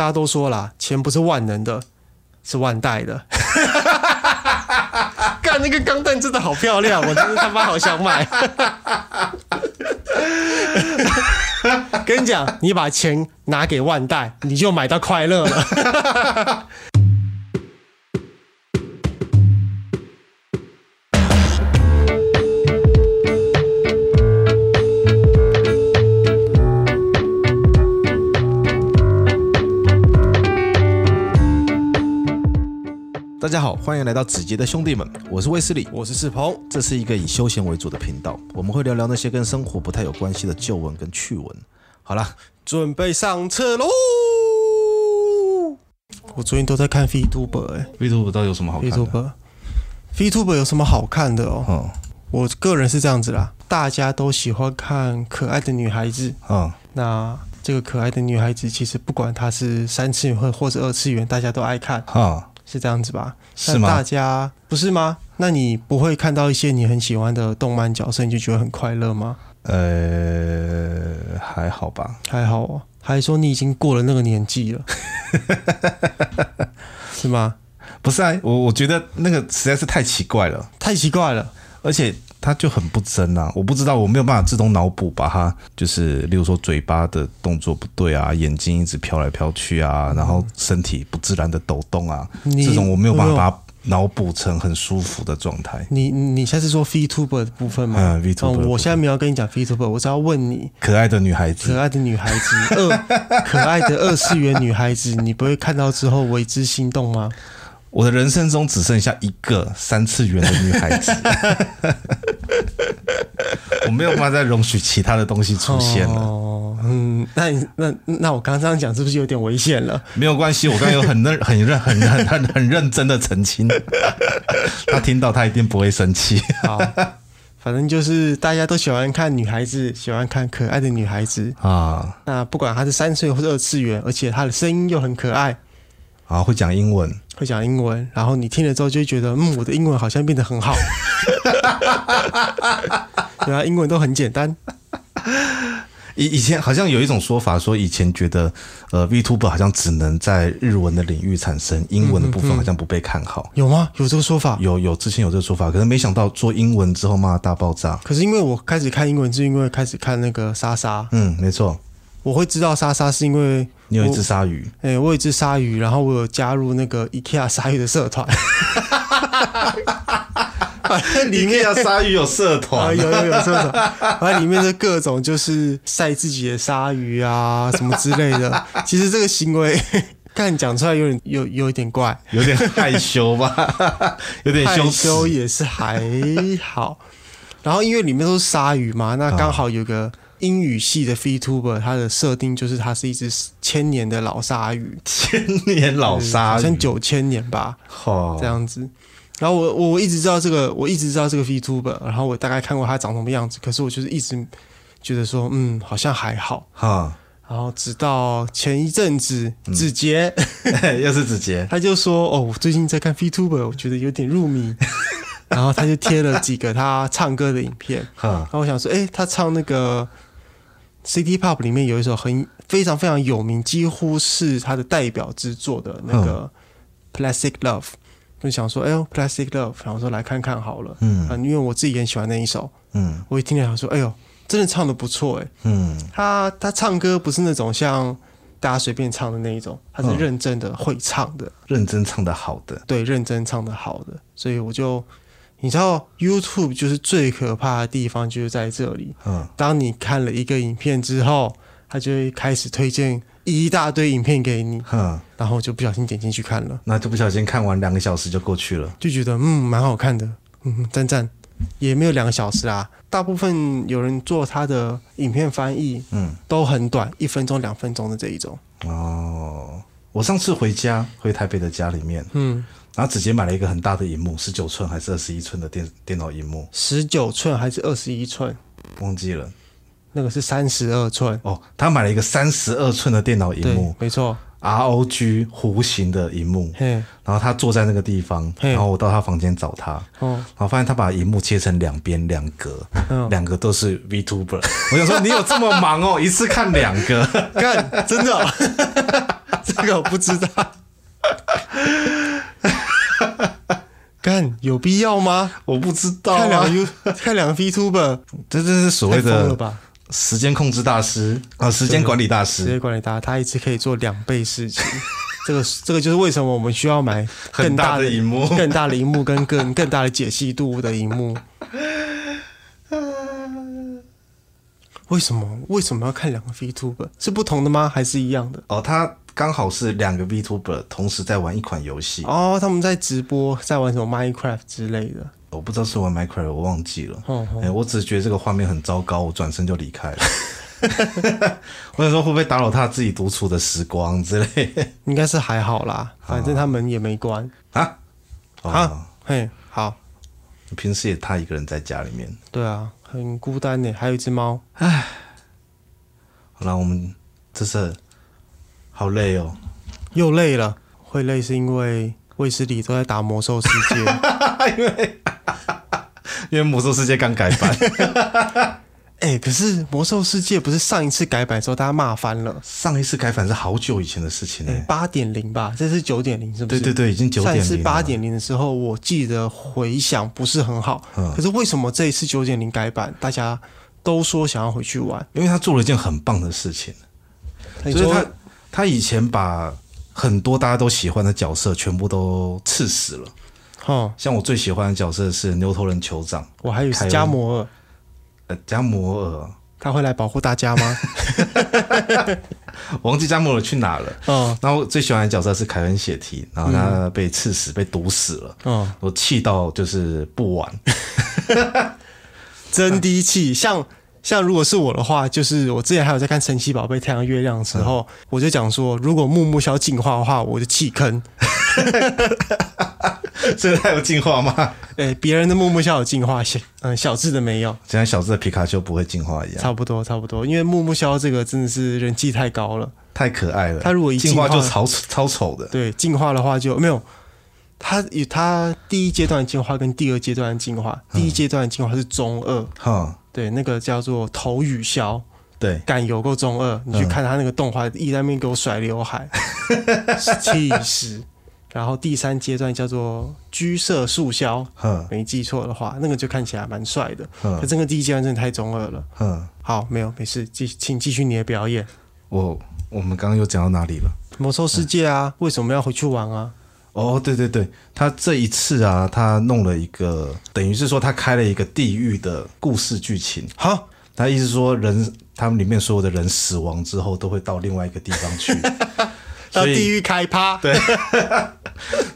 大家都說啦，錢不是萬能的，是萬代的。幹。 那個鋼彈真的好漂亮，我真的他媽好想買。 跟你講，你把錢拿給萬代，你就買到快樂了。 大家好，歡迎來到子杰的兄弟們，我是衛斯理，我是世鵬，這是一個以休閒為主的頻道，我們會聊聊那些跟生活不太有關係的舊聞跟趣聞。好啦，準備上車嘍！我最近都在看 VTuber 哎，VTuber 到底有什麼好看？VTuber 有什麼好看的哦，嗯？我個人是這樣子啦，大家都喜歡看可愛的女孩子，嗯，那這個可愛的女孩子其實不管她是三次元或或者二次元，大家都愛看，嗯是這樣子吧？是嗎？大家不是嗎？那你不會看到一些你很喜歡的動漫角色，你就覺得很快樂嗎？呃，還好吧，還好哦，還說你已經過了那個年紀了， 是嗎？不是，我我覺得那個實在是太奇怪了，太奇怪了。而且他就很不真吶、啊，我不知道，我沒有辦法自動腦補，把他就是，例如說嘴巴的動作不對啊，眼睛一直飄來飄去啊，然後身體不自然的抖動啊，這種我沒有辦法把它腦補成很舒服的狀態。你你現在是說 VTuber 的部分嗎？嗯，VTuber 嗯。我現在沒有跟你講 VTuber，我只要問你，可愛的女孩子，可愛的女孩子， 二可愛的二次元女孩子，你不會看到之後為之心動嗎？我的人生中只剩下一個三次元的女孩子 ， 我沒有辦法再容許其他的東西出現了、哦。嗯，那你那那我剛剛這樣講是不是有點危險了？沒有關係，我剛剛有很認、很認、很很很，很認真的澄清。 他聽到他一定不會生氣。好，反正就是大家都喜歡看女孩子，喜歡看可愛的女孩子啊、哦。那不管她是三歲或是二次元，而且她的聲音又很可愛。啊，會講英文，會講英文，然後你聽了之後就覺得，嗯，我的英文好像變得很好。對、 嗯、啊，英文都很簡單。以以前好像有一種說法，說以前覺得，呃，VTuber 好像只能在日文的領域產生，英文的部分好像不被看好。嗯、有嗎？有這個說法？有有之前有這個說法，可是沒想到做英文之後，媽大爆炸。可是因為我開始看英文，是因為開始看那個莎莎。嗯，沒錯。我會知道莎莎是因為你有一隻鯊魚，哎、欸，我有一隻鯊魚，然後我有加入那個 IKEA 鯊魚的社團，哈哈哈哈哈哈！哈裡面的鯊魚有社團、啊，有有有社團，然 後、啊、裡面的各種就是曬自己的鯊魚啊，什麼之類的。其實這個行為，看你講出來有點有有一點怪，有點害羞吧，有 點害羞也是還好。 然後因為裡面都是鯊魚嘛，那剛好有個。啊英語系的 Vtuber，他的設定就是他是一只千年的老鯊魚，千年老鯊好像九千年吧、哦，這樣子。然後我我一直知道這個，我一直知道這個 Vtuber。然後我大概看過他長什麼樣子，可是我就是一直覺得說，嗯，好像還好哈、哦。然後直到前一陣子，嗯、子杰 又是子杰，他就說，哦，我最近在看 Vtuber，我覺得有點入迷。 然後他就貼了幾個他唱歌的影片、哦。然後我想說，哎、欸，他唱那個。City Pop 裡面有一首很非常非常有名，幾乎是他的代表之作的那個、哦、Plastic Love，就想說，哎呦，Plastic Love，然後說來看看好了，嗯，嗯因為我自己也很喜歡那一首，嗯，我一聽了想說，哎呦，真的唱的不錯，哎，嗯，他他唱歌不是那種像大家隨便唱的那一種，他是認真的會唱的，哦、認真唱的好的，對，認真唱的好的，所以我就。你知道 YouTube 就是最可怕的地方，就是在這裡。嗯，當你看了一個影片之後，它就會開始推薦一大堆影片給你。嗯，然後就不小心點進去看了，那就不小心看完兩個小時就過去了，就覺得嗯蠻好看的，嗯讚讚，也沒有兩個小時啦。大部分有人做他的影片翻譯，嗯，都很短，一分鐘、兩分鐘的這一種。哦，我上次回家回台北的家裡面，嗯。然後直接買了一個很大的熒幕，十九寸還是二十一寸的電電腦熒幕？十九寸還是二十一寸？忘記了，那個是三十二寸哦。他買了一個三十二寸的電腦熒幕，沒錯，ROG 弧形的熒幕。嘿、hey.，然後他坐在那個地方，hey. 然後我到他房間找他，哦、oh.，然後發現他把熒幕切成兩邊兩格，兩、oh. 個都是 Vtuber。 我想說，你有這麼忙哦， 一次看兩個，看 真的、哦？ 這個我不知道。 幹 有必要嗎？我不知道啊。看兩個 U，看兩個 VTuber，這 這是所謂的時間控制大師啊，哦，時間管理大師，時間管理大師，他一次可以做兩倍事情。 這個這個就是為什麼我們需要買更大的熒幕、 更大的熒幕跟更更大的解析度的熒幕。 為什麼為什麼要看兩個 VTuber？是不同的嗎？還是一樣的？哦，他。剛好是兩個 VTuber 同時在玩一款遊戲哦，他們在直播，在玩什麼 Minecraft 之類的。我不知道是玩 Minecraft，我忘記了。嗯，哎、嗯欸，我只覺得這個畫面很糟糕，我轉身就離開了。 我想說會不會打擾他自己獨處的時光之類的？應該是還好啦，反正他門也沒關、哦、啊、哦、啊嘿好。平時也他一個人在家裡面，對啊，很孤單呢。還有一隻貓。哎，好了，我們這次。好累哦，又累了。會累是因為衛斯理都在打魔獸世界， 因為因為魔獸世界剛改版。哎、 欸，可是魔獸世界不是上一次改版之後大家罵翻了？上一次改版是好久以前的事情呢，欸，八點零吧？這是九點零是不是？對對對，已經九點零。上一次八點零的時候，我記得回響不是很好，嗯。可是為什麼這一次九點零改版，大家都說想要回去玩？因為他做了一件很棒的事情，所、就、以、是、他。他以前把很多大家都喜歡的角色全部都刺死了。哦、像我最喜歡的角色是牛頭人酋長，我還有加摩爾，加摩爾、呃，他會來保護大家嗎？ 我忘記加摩爾去哪了。哦。然後我最喜歡的角色是凱恩血蹄，然後他被刺死，嗯、被毒死了。哦、我氣到就是不玩， 真低氣、啊，像。像如果是我的話，就是我之前還有在看《神奇寶貝》太陽月亮的時候，嗯、我就講說，如果木木梟進化的話，我就棄坑。哈哈哈哈哈！真的還有進化嗎？哎、欸，別人的木木梟有進化線，嗯，小智的沒有，就像小智的皮卡丘不會進化一樣。差不多，差不多，因為木木梟這個真的是人氣太高了，太可愛了。他如果一進化，化就超超醜的，對，進化的話就沒有。它他，他第一階段進化跟第二階段進化，嗯、第一階段進化是中二，哈、嗯。對，那個叫做頭語消，對，敢有夠中二，你去看他那個動畫、嗯，一在那邊給我甩劉海，氣 死。然後第三階段叫做橘色速消、嗯，沒記錯的話，那個就看起來蠻帥的。他、嗯、這個第一階段真的太中二了、嗯。好，沒有，沒事，繼請繼續你的表演。我，我們剛剛又講到哪裡了？魔獸世界啊、嗯，為什麼要回去玩啊？哦，對對對，他這一次啊，他弄了一個，等於是說他開了一個地獄的故事劇情。好，他意思說人他們裡面所有的人死亡之後都會到另外一個地方去， 所以，啊、地獄開趴。對，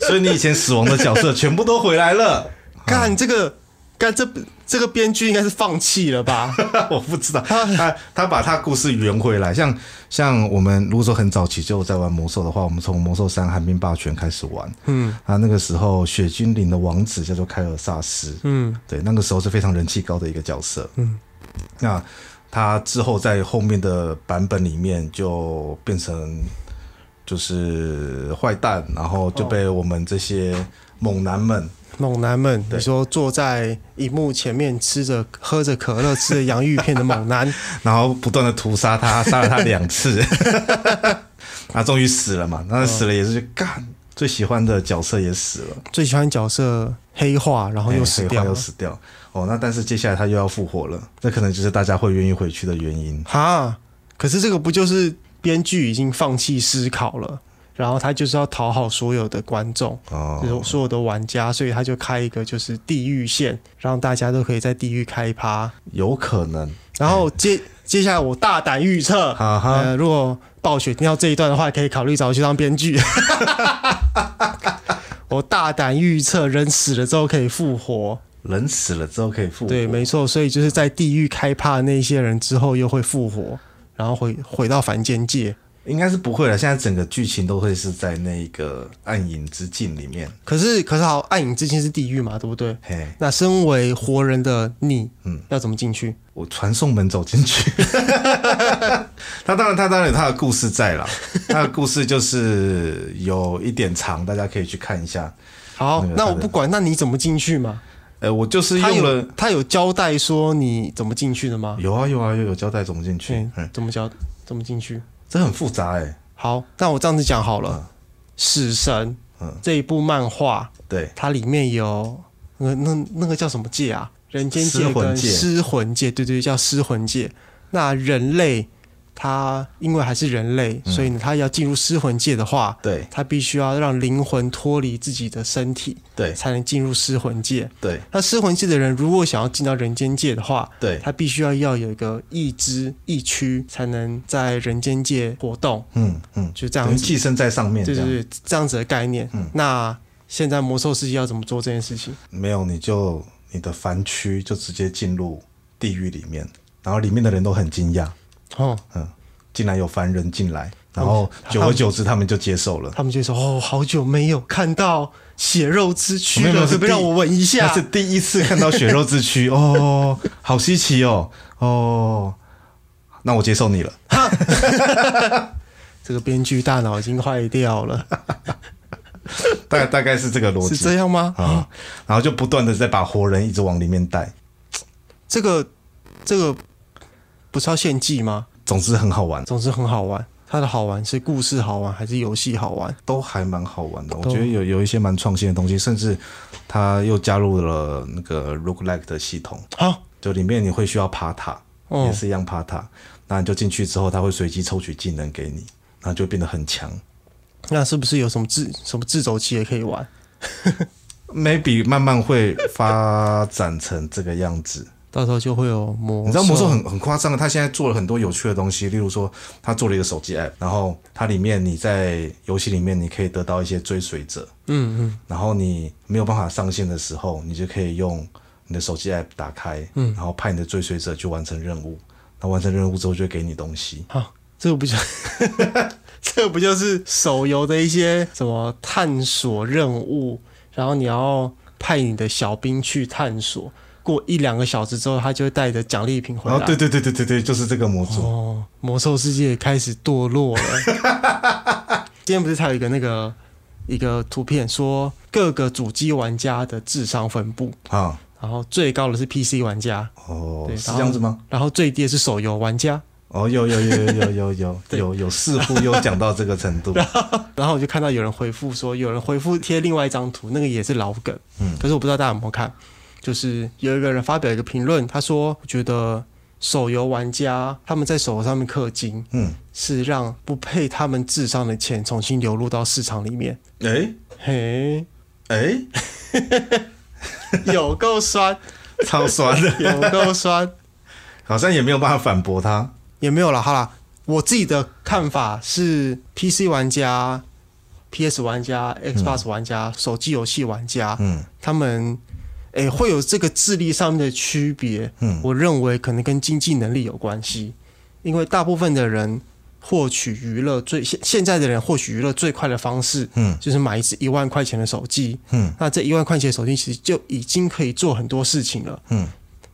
所以你以前死亡的角色全部都回來了。幹這個，幹這。這個編劇應該是放棄了吧？ 我不知道，他他把他故事圓回來，像像我們如果說很早期就在玩魔獸的話，我們從魔獸3寒冰霸權開始玩，嗯，啊，那個時候血精靈的王子叫做凱爾薩斯，嗯，對，那個時候是非常人氣高的一個角色，嗯，那他之後在後面的版本裡面就變成就是壞蛋，然後就被我們這些猛男們。哦猛男們，你說坐在熒幕前面吃着喝着可樂吃着洋芋片的猛男， 然後不斷的屠殺他，殺 了他兩次，他終於死了嘛？那死了也是去幹、哦、最喜歡的角色也死了，最喜歡角色黑化，然後又死掉了，又死掉。哦，那但是接下來他又要復活了，那可能就是大家會願意回去的原因。哈、啊，可是這個不就是編劇已經放棄思考了？然後他就是要討好所有的觀眾，所、哦、有所有的玩家，所以他就開一個就是地獄線，讓大家都可以在地獄開趴，有可能。然後接、哎、接下來我大膽預測哈哈、呃，如果暴雪聽到這一段的話，可以考慮找我去當編劇。 我大膽預測，人死了之後可以復活，人死了之後可以復活，對，沒錯。所以就是在地獄開趴的那些人之後，又會復活，然後回回到凡間界。應該是不會了。現在整個劇情都會是在那個暗影之境裡面。可是可是，好，暗影之境是地獄嘛，對不對？嘿，那身為活人的你，嗯，要怎麼進去？我傳送門走進去 。 他當然他當然有他的故事在了， 他的故事就是有一點長，大家可以去看一下。好，那我不管，那你怎麼進去嘛、呃？我就是用了，他有，他有交代說你怎麼進去的嗎？有啊有啊有有交代怎麼進去、嗯嗯？怎麼交？怎麼進去？這很複雜哎、欸，好，那我這樣子講好了，嗯《死神》這一部漫畫、嗯，對，它裡面有那那那個叫什麼界啊？人間界跟魂界屍魂界，對對，對，叫屍魂界。那人類。他因為還是人類，嗯、所以呢，他要進入屍魂界的話，對，他必須要讓靈魂脫離自己的身體，對，才能進入屍魂界。對，他屍魂界的人如果想要進到人間界的話，對，他必須要要有一個意志意區，才能在人間界活動。嗯嗯，就這樣子，寄生在上面，對對，對，這樣子的概念。嗯，那現在魔獸世界要怎麼做這件事情？嗯、沒有，你就你的凡軀就直接進入地獄裡面，然後裡面的人都很驚訝。哦，嗯，竟然有凡人進來，然後久而久之，他們，他們就接受了。他們接受哦，好久沒有看到血肉之軀了，能不能讓我聞一下？他是第一次看到血肉之軀 哦，好稀奇哦，哦，那我接受你了。哈 這個編劇大腦已經壞掉了， 大大概是這個邏輯，是這樣嗎？啊，哦，然後就不斷的在把活人一直往裡面帶，這個，這個。不是要獻祭嗎？總之很好玩，總之很好玩。它的好玩是故事好玩還是遊戲好玩？都還蠻好玩的。我覺得有有一些蠻創新的東西，甚至它又加入了那個 Roguelike 的系統。好、啊，就裡面你會需要爬塔，也是一樣爬塔。哦、那你就進去之後，它會隨機抽取技能給你，那就變得很強。那是不是有什麼自、什麼自走棋也可以玩 ？Maybe 慢慢會發展成這個樣子。 到時候就會有魔，你知道魔獸很很誇張的，他現在做了很多有趣的東西，例如說他做了一個手機 app，然後它裡面你在遊戲裡面你可以得到一些追隨者，嗯嗯，然後你沒有辦法上線的時候，你就可以用你的手機 app 打開，嗯，然後派你的追隨者去完成任務，那完成任務之後就會給你東西。好，啊，這個不就是， 這不就是手遊的一些什麼探索任務，然後你要派你的小兵去探索。過一兩個小時之後，他就會帶着獎勵品回來。對、哦、對對對對對，就是這個魔族。哦，魔獸世界開始墮落了。 今天不是還有一個那個一個圖片，說各個主機玩家的智商分布啊、哦，然後最高的是 PC 玩家。哦，是這樣子嗎？然後最低的是手遊玩家。哦，有有有有有有有 有，有似乎有講到這個程度然。然後我就看到有人回復說，有人回復貼另外一張圖，那個也是老梗。嗯，可是我不知道大家有沒有看。就是有一個人發表一個評論，他說：“覺得手遊玩家他們在手遊上面氪金，嗯，是讓不配他們智商的錢重新流入到市場裡面。欸”哎嘿誒，欸、 有夠酸，超酸的， 有夠酸，好像也沒有辦法反駁他，也沒有啦。好啦，我自己的看法是：PC 玩家、PS 玩家、Xbox 玩家、嗯、手機遊戲玩家，嗯，他們。哎、欸，會有這個智力上面的區別，嗯，我認為可能跟經濟能力有關係，因為大部分的人獲取娛樂最現，現在的人獲取娛樂最快的方式，嗯，就是買一支一萬塊錢的手機，嗯，那這一萬塊錢的手機其實就已經可以做很多事情了，嗯，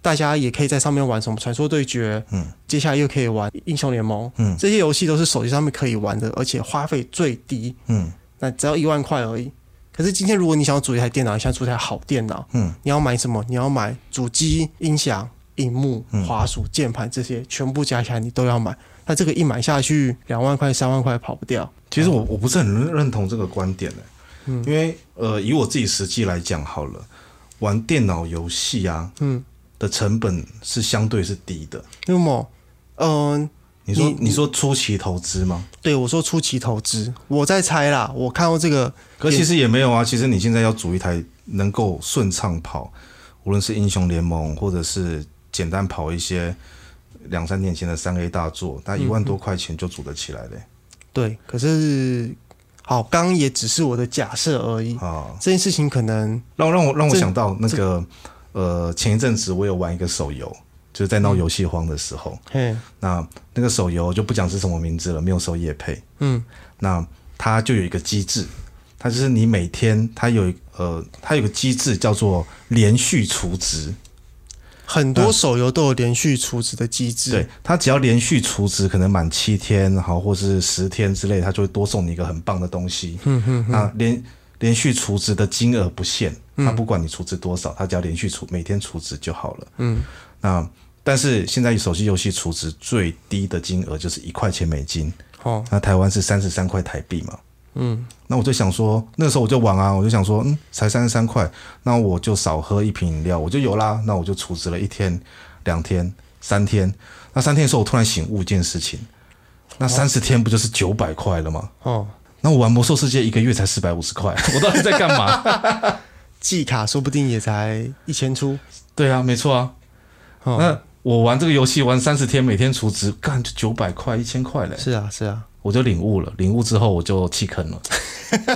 大家也可以在上面玩什麼傳說對決，嗯，接下來又可以玩英雄聯盟，嗯，這些遊戲都是手機上面可以玩的，而且花費最低，嗯，那只要一萬塊而已。可是今天，如果你想要組一台電腦，你想組一台好電腦，嗯，你要買什麼？你要買主機、音響、熒幕、嗯、滑鼠、鍵盤這些，全部加起來你都要買。那這個一買下去，兩萬塊、三萬塊跑不掉。其實我、哦、我不是很認同這個觀點、欸嗯、因為呃，以我自己實際來講好了，玩電腦遊戲啊，嗯，的成本是相對是低的。嗯、那麼，嗯、呃。你，你說你說初期投資嗎？對，我說初期投資，我在猜啦。我看過這個，可是其實也沒有啊。其實你現在要組一台能夠順暢跑，無論是英雄聯盟，或者是簡單跑一些兩三年前的三 A 大作，它一萬多塊錢就組得起來的、欸嗯。對，可是好，剛也只是我的假設而已啊。這件事情可能讓讓我讓我想到那個呃，前一陣子我有玩一個手遊。就是在鬧遊戲荒的時候，嗯、那那個手遊就不講是什麼名字了，沒有收業配。嗯，那它就有一個機制，它就是你每天它有呃，它有一個機制叫做連續儲值。很多手遊都有連續儲值的機制，嗯、對它只要連續儲值，可能滿七天好，或是十天之類，它就會多送你一個很棒的東西。嗯那、嗯嗯、連連續儲值的金額不限，它不管你儲值多少，它只要連續儲每天儲值就好了。嗯。那但是現在手機遊戲儲值最低的金額就是一塊錢美金，哦，那台灣是三十三塊台幣嘛，嗯，那我就想說那時候我就玩啊，我就想說，嗯，才三十三塊，那我就少喝一瓶飲料我就有啦，那我就儲值了一天、兩天、三天，那三天的時候我突然醒悟一件事情，那三十天不就是九百塊了嗎？哦，那我玩魔獸世界一個月才四百五十塊，我到底在幹嘛？季 卡說不定也才一千出，對啊，沒錯啊。那我玩這個遊戲玩三十天，每天儲值，幹就九百塊、一千塊嘞。是啊，是啊，我就領悟了，領悟之後我就棄坑了。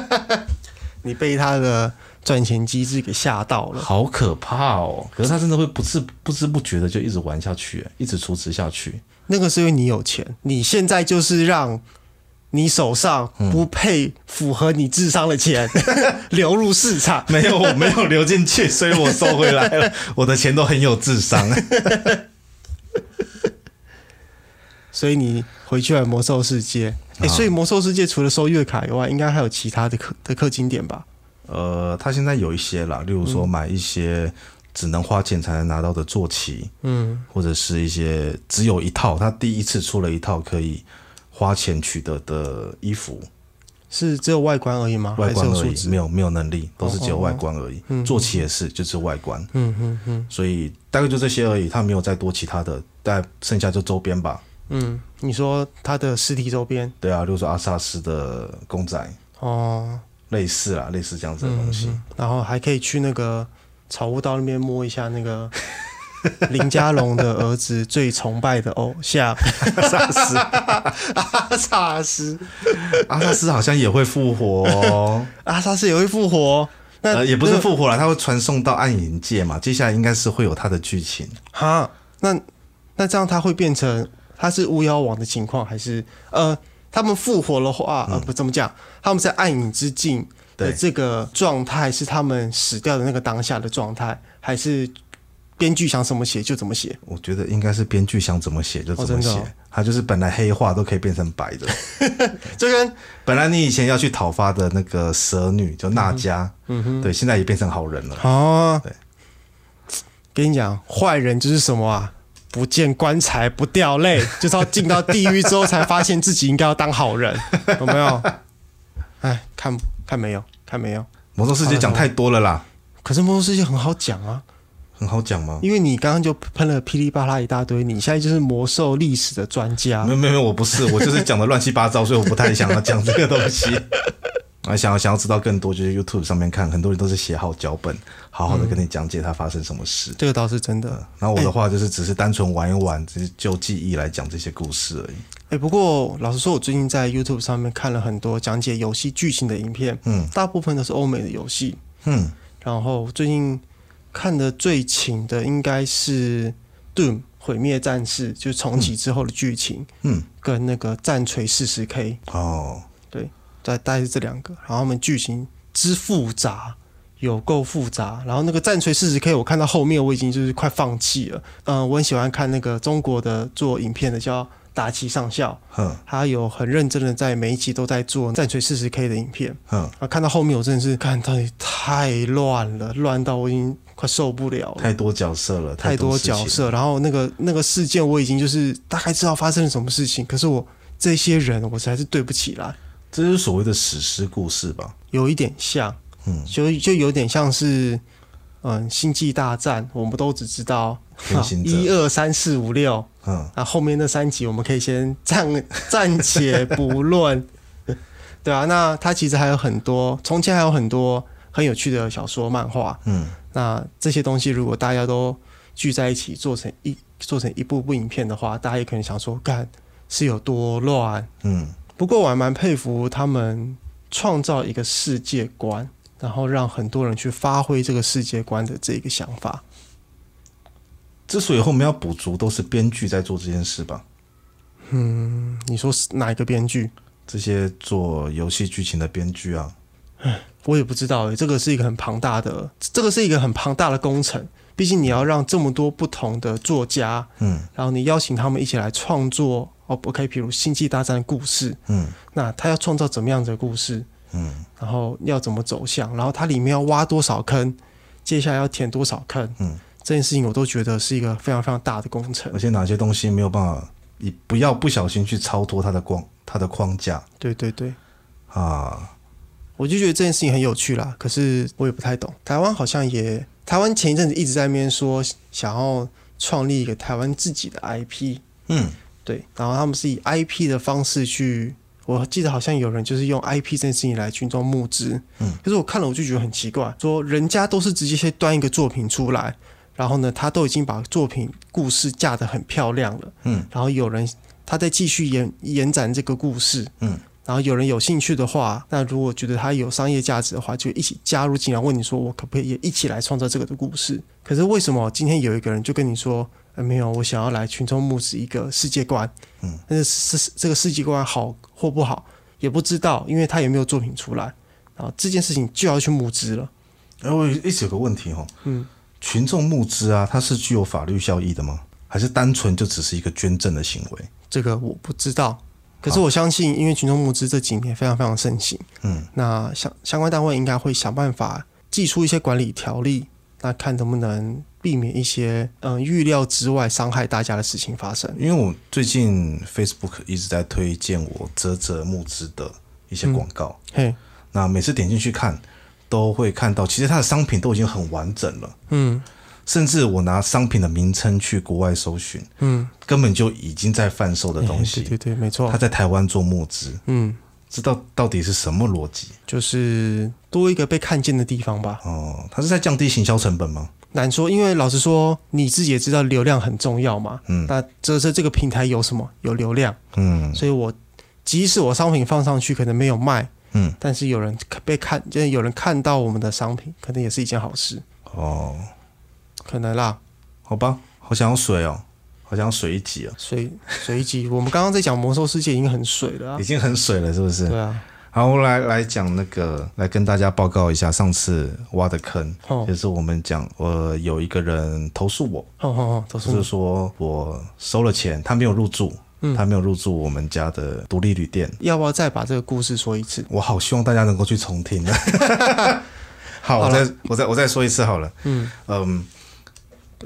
你被他的賺錢機制給嚇到了，好可怕哦！可是他真的會不知不知不覺的就一直玩下去、欸，一直儲值下去。那個是因為你有錢，你現在就是讓。你手上不配符合你智商的錢、嗯、 流入市場， 沒有，我沒有流進去，所以我收回來了。 我的錢都很有智商， 所以你回去了魔獸世界。哎、欸哦，所以魔獸世界除了收月卡以外，應該還有其他的氪的氪金點吧？呃，他現在有一些了，例如說買一些只能花錢才能拿到的坐騎，嗯，或者是一些只有一套，他第一次出了一套可以。花錢取得的衣服，是只有外觀而已嗎？外觀而已，沒有沒有能力，都是只有外觀而已。坐、哦、騎、嗯、也是，就是外觀。嗯哼嗯哼。所以大概就這些而已，他沒有再多其他的，但剩下就周邊吧嗯。嗯，你說他的實體周邊？對啊，比如說阿薩斯的公仔。哦，類似啦，類似這樣子的東西。嗯、然後還可以去那個草悟道那邊摸一下那個。 林家龍的兒子最崇拜的偶像阿薩斯，阿、啊、薩斯，阿、啊、薩斯、啊、薩斯好像也會復活、哦，阿、啊、薩斯也會復活。那、呃、也不是復活了，他會傳送到暗影界嘛？接下來應該是會有他的劇情。哈、啊，那那這樣他會變成他是巫妖王的情況，還是呃，他們復活的話，嗯、呃，不怎麼講，他們在暗影之境的這個狀態是他們死掉的那個當下的狀態，還是？編劇想怎麼寫就怎麼寫，我覺得應該是編劇想怎麼寫就怎麼寫。他、哦哦、就是本來黑化都可以變成白的，這 跟本來你以前要去討伐的那個蛇女就娜迦、嗯哼，對，現在也變成好人了。哦，對，跟你講，壞人就是什麼啊？不見棺材不掉淚，就是要進到地獄之後，才發現自己應該要當好人， 有沒有？哎，看看沒有，看沒有。魔獸世界講太多了啦，可是魔獸世界很好講啊。很好講嗎？因為你剛剛就噴了噼里啪啦一大堆，你現在就是魔獸歷史的專家。沒有沒有，我不是，我就是講的亂七八糟， 所以我不太想要講這個東西。啊， 想要想要知道更多，就是 YouTube 上面看，很多人都是寫好腳本，好好的跟你講解它發生什麼事，嗯嗯。這個倒是真的。那、嗯、我的話就是只是單純玩一玩，就、欸、就記憶來講這些故事而已。哎、欸，不過老實說，我最近在 YouTube 上面看了很多講解遊戲劇情的影片，嗯，大部分都是歐美的遊戲，嗯，然後最近，看的最勤的應該是《Doom》毀滅戰士，就是重啟之後的劇情，嗯，跟那個《戰錘四十 K》哦，對，再帶着這兩個，然後我們劇情之複雜有夠複雜，然後那個《戰錘四十 K》我看到後面我已經就是快放棄了，嗯，我很喜歡看那個中國的做影片的叫。達奇上校，嗯，他有很認真的在每一集都在做戰錘四十 K 的影片，嗯，啊，看到後面我真的是看到太亂了，亂到我已經快受不了了，太多角色了，多了，太多角色，然後那個那個事件我已經就是大概知道發生了什麼事情，可是我這些人我實在是對不起來，這是所謂的史詩故事吧，有一點像，嗯，就就有點像是，嗯，星際大戰，我們都只知道。一二三四五六，1, 2, 3, 4, 5, 6, 嗯，那、啊、後面那三集我們可以先暫暫且不論， 對啊，那它其實還有很多，從前還有很多很有趣的小說、漫畫，嗯，那這些東西如果大家都聚在一起做成一做成一部部影片的話，大家也可能想說，幹，是有多亂，嗯。不過我還蠻佩服他們創造一個世界觀，然後讓很多人去發揮這個世界觀的這個想法。之所以後我們要補足，都是編劇在做這件事吧？嗯，你說是哪一個編劇？這些做遊戲劇情的編劇啊？我也不知道誒、欸。這個是一個很龐大的，這個是一個很龐大的工程。畢竟你要讓這麼多不同的作家，嗯，然後你邀請他們一起來創作哦。OK，譬如《星際大戰》的故事，嗯，那他要創造怎麼樣的故事？嗯，然後要怎麼走向？然後它裡面要挖多少坑？接下來要填多少坑？嗯。這件事情我都覺得是一個非常非常大的工程，而且哪些東西沒有辦法，你不要不小心去超脫它的框，它的框架。對對對，啊，我就覺得這件事情很有趣啦，可是我也不太懂。台灣好像也，台灣前一陣子一直在那邊說想要創立一個台灣自己的 IP，嗯，對，然後他們是以 IP 的方式去，我記得好像有人就是用 IP 這件事情來群眾募資，嗯，可是我看了我就覺得很奇怪，說人家都是直接先端一個作品出來。然後呢，他都已經把作品故事架得很漂亮了。嗯，然後有人他在繼續延延展這個故事。嗯，然後有人有興趣的話，那如果覺得他有商業價值的話，就一起加入進來。問你說，我可不可以也一起來創造這個的故事？可是為什麼今天有一個人就跟你說，誒，沒有，我想要來群眾募資一個世界觀。是是嗯，但是這個世界觀好或不好也不知道，因為他也沒有作品出來。然後這件事情就要去募資了。哎、呃，我一直有個問題哈、哦。嗯。群眾募資啊，它是具有法律效益的嗎？還是單純就只是一個捐贈的行為？這個我不知道。可是我相信，因為群眾募資這幾年非常非常盛行，嗯，那相相關單位應該會想辦法祭出一些管理條例，那看能不能避免一些嗯預、呃、料之外傷害大家的事情發生。因為我最近 Facebook 一直在推薦我嘖嘖募資的一些廣告，嘿、嗯，那每次點進去看。都會看到，其實它的商品都已經很完整了。嗯，甚至我拿商品的名稱去國外搜尋，嗯，根本就已經在販售的東西。欸、對對對，沒錯。他在台灣做募資。嗯，這到底是什麼邏輯？就是多一個被看見的地方吧。哦，他是在降低行銷成本嗎？難說，因為老實說，你自己也知道流量很重要嘛。嗯，那這是這個平台有什麼？有流量。嗯，所以我即使我商品放上去，可能沒有賣。嗯，但是有人被看，就是有人看到我們的商品，可能也是一件好事哦。可能啦，好吧。好想要水哦，好想要水一集啊，哦，水水一集。 我們剛剛在講魔獸世界已經很水了，啊，已經很水了，是不是？對啊。好，我來來講那個，來跟大家報告一下上次挖的坑，哦，就是我們講，我有一個人投訴我，哦哦哦，投訴，就是，說我收了錢，他沒有入住。嗯，他沒有入住我們家的獨立旅店，要不要再把這個故事說一次？我好希望大家能夠去重聽。 好，好，我再我再我再說一次好了。嗯嗯，um,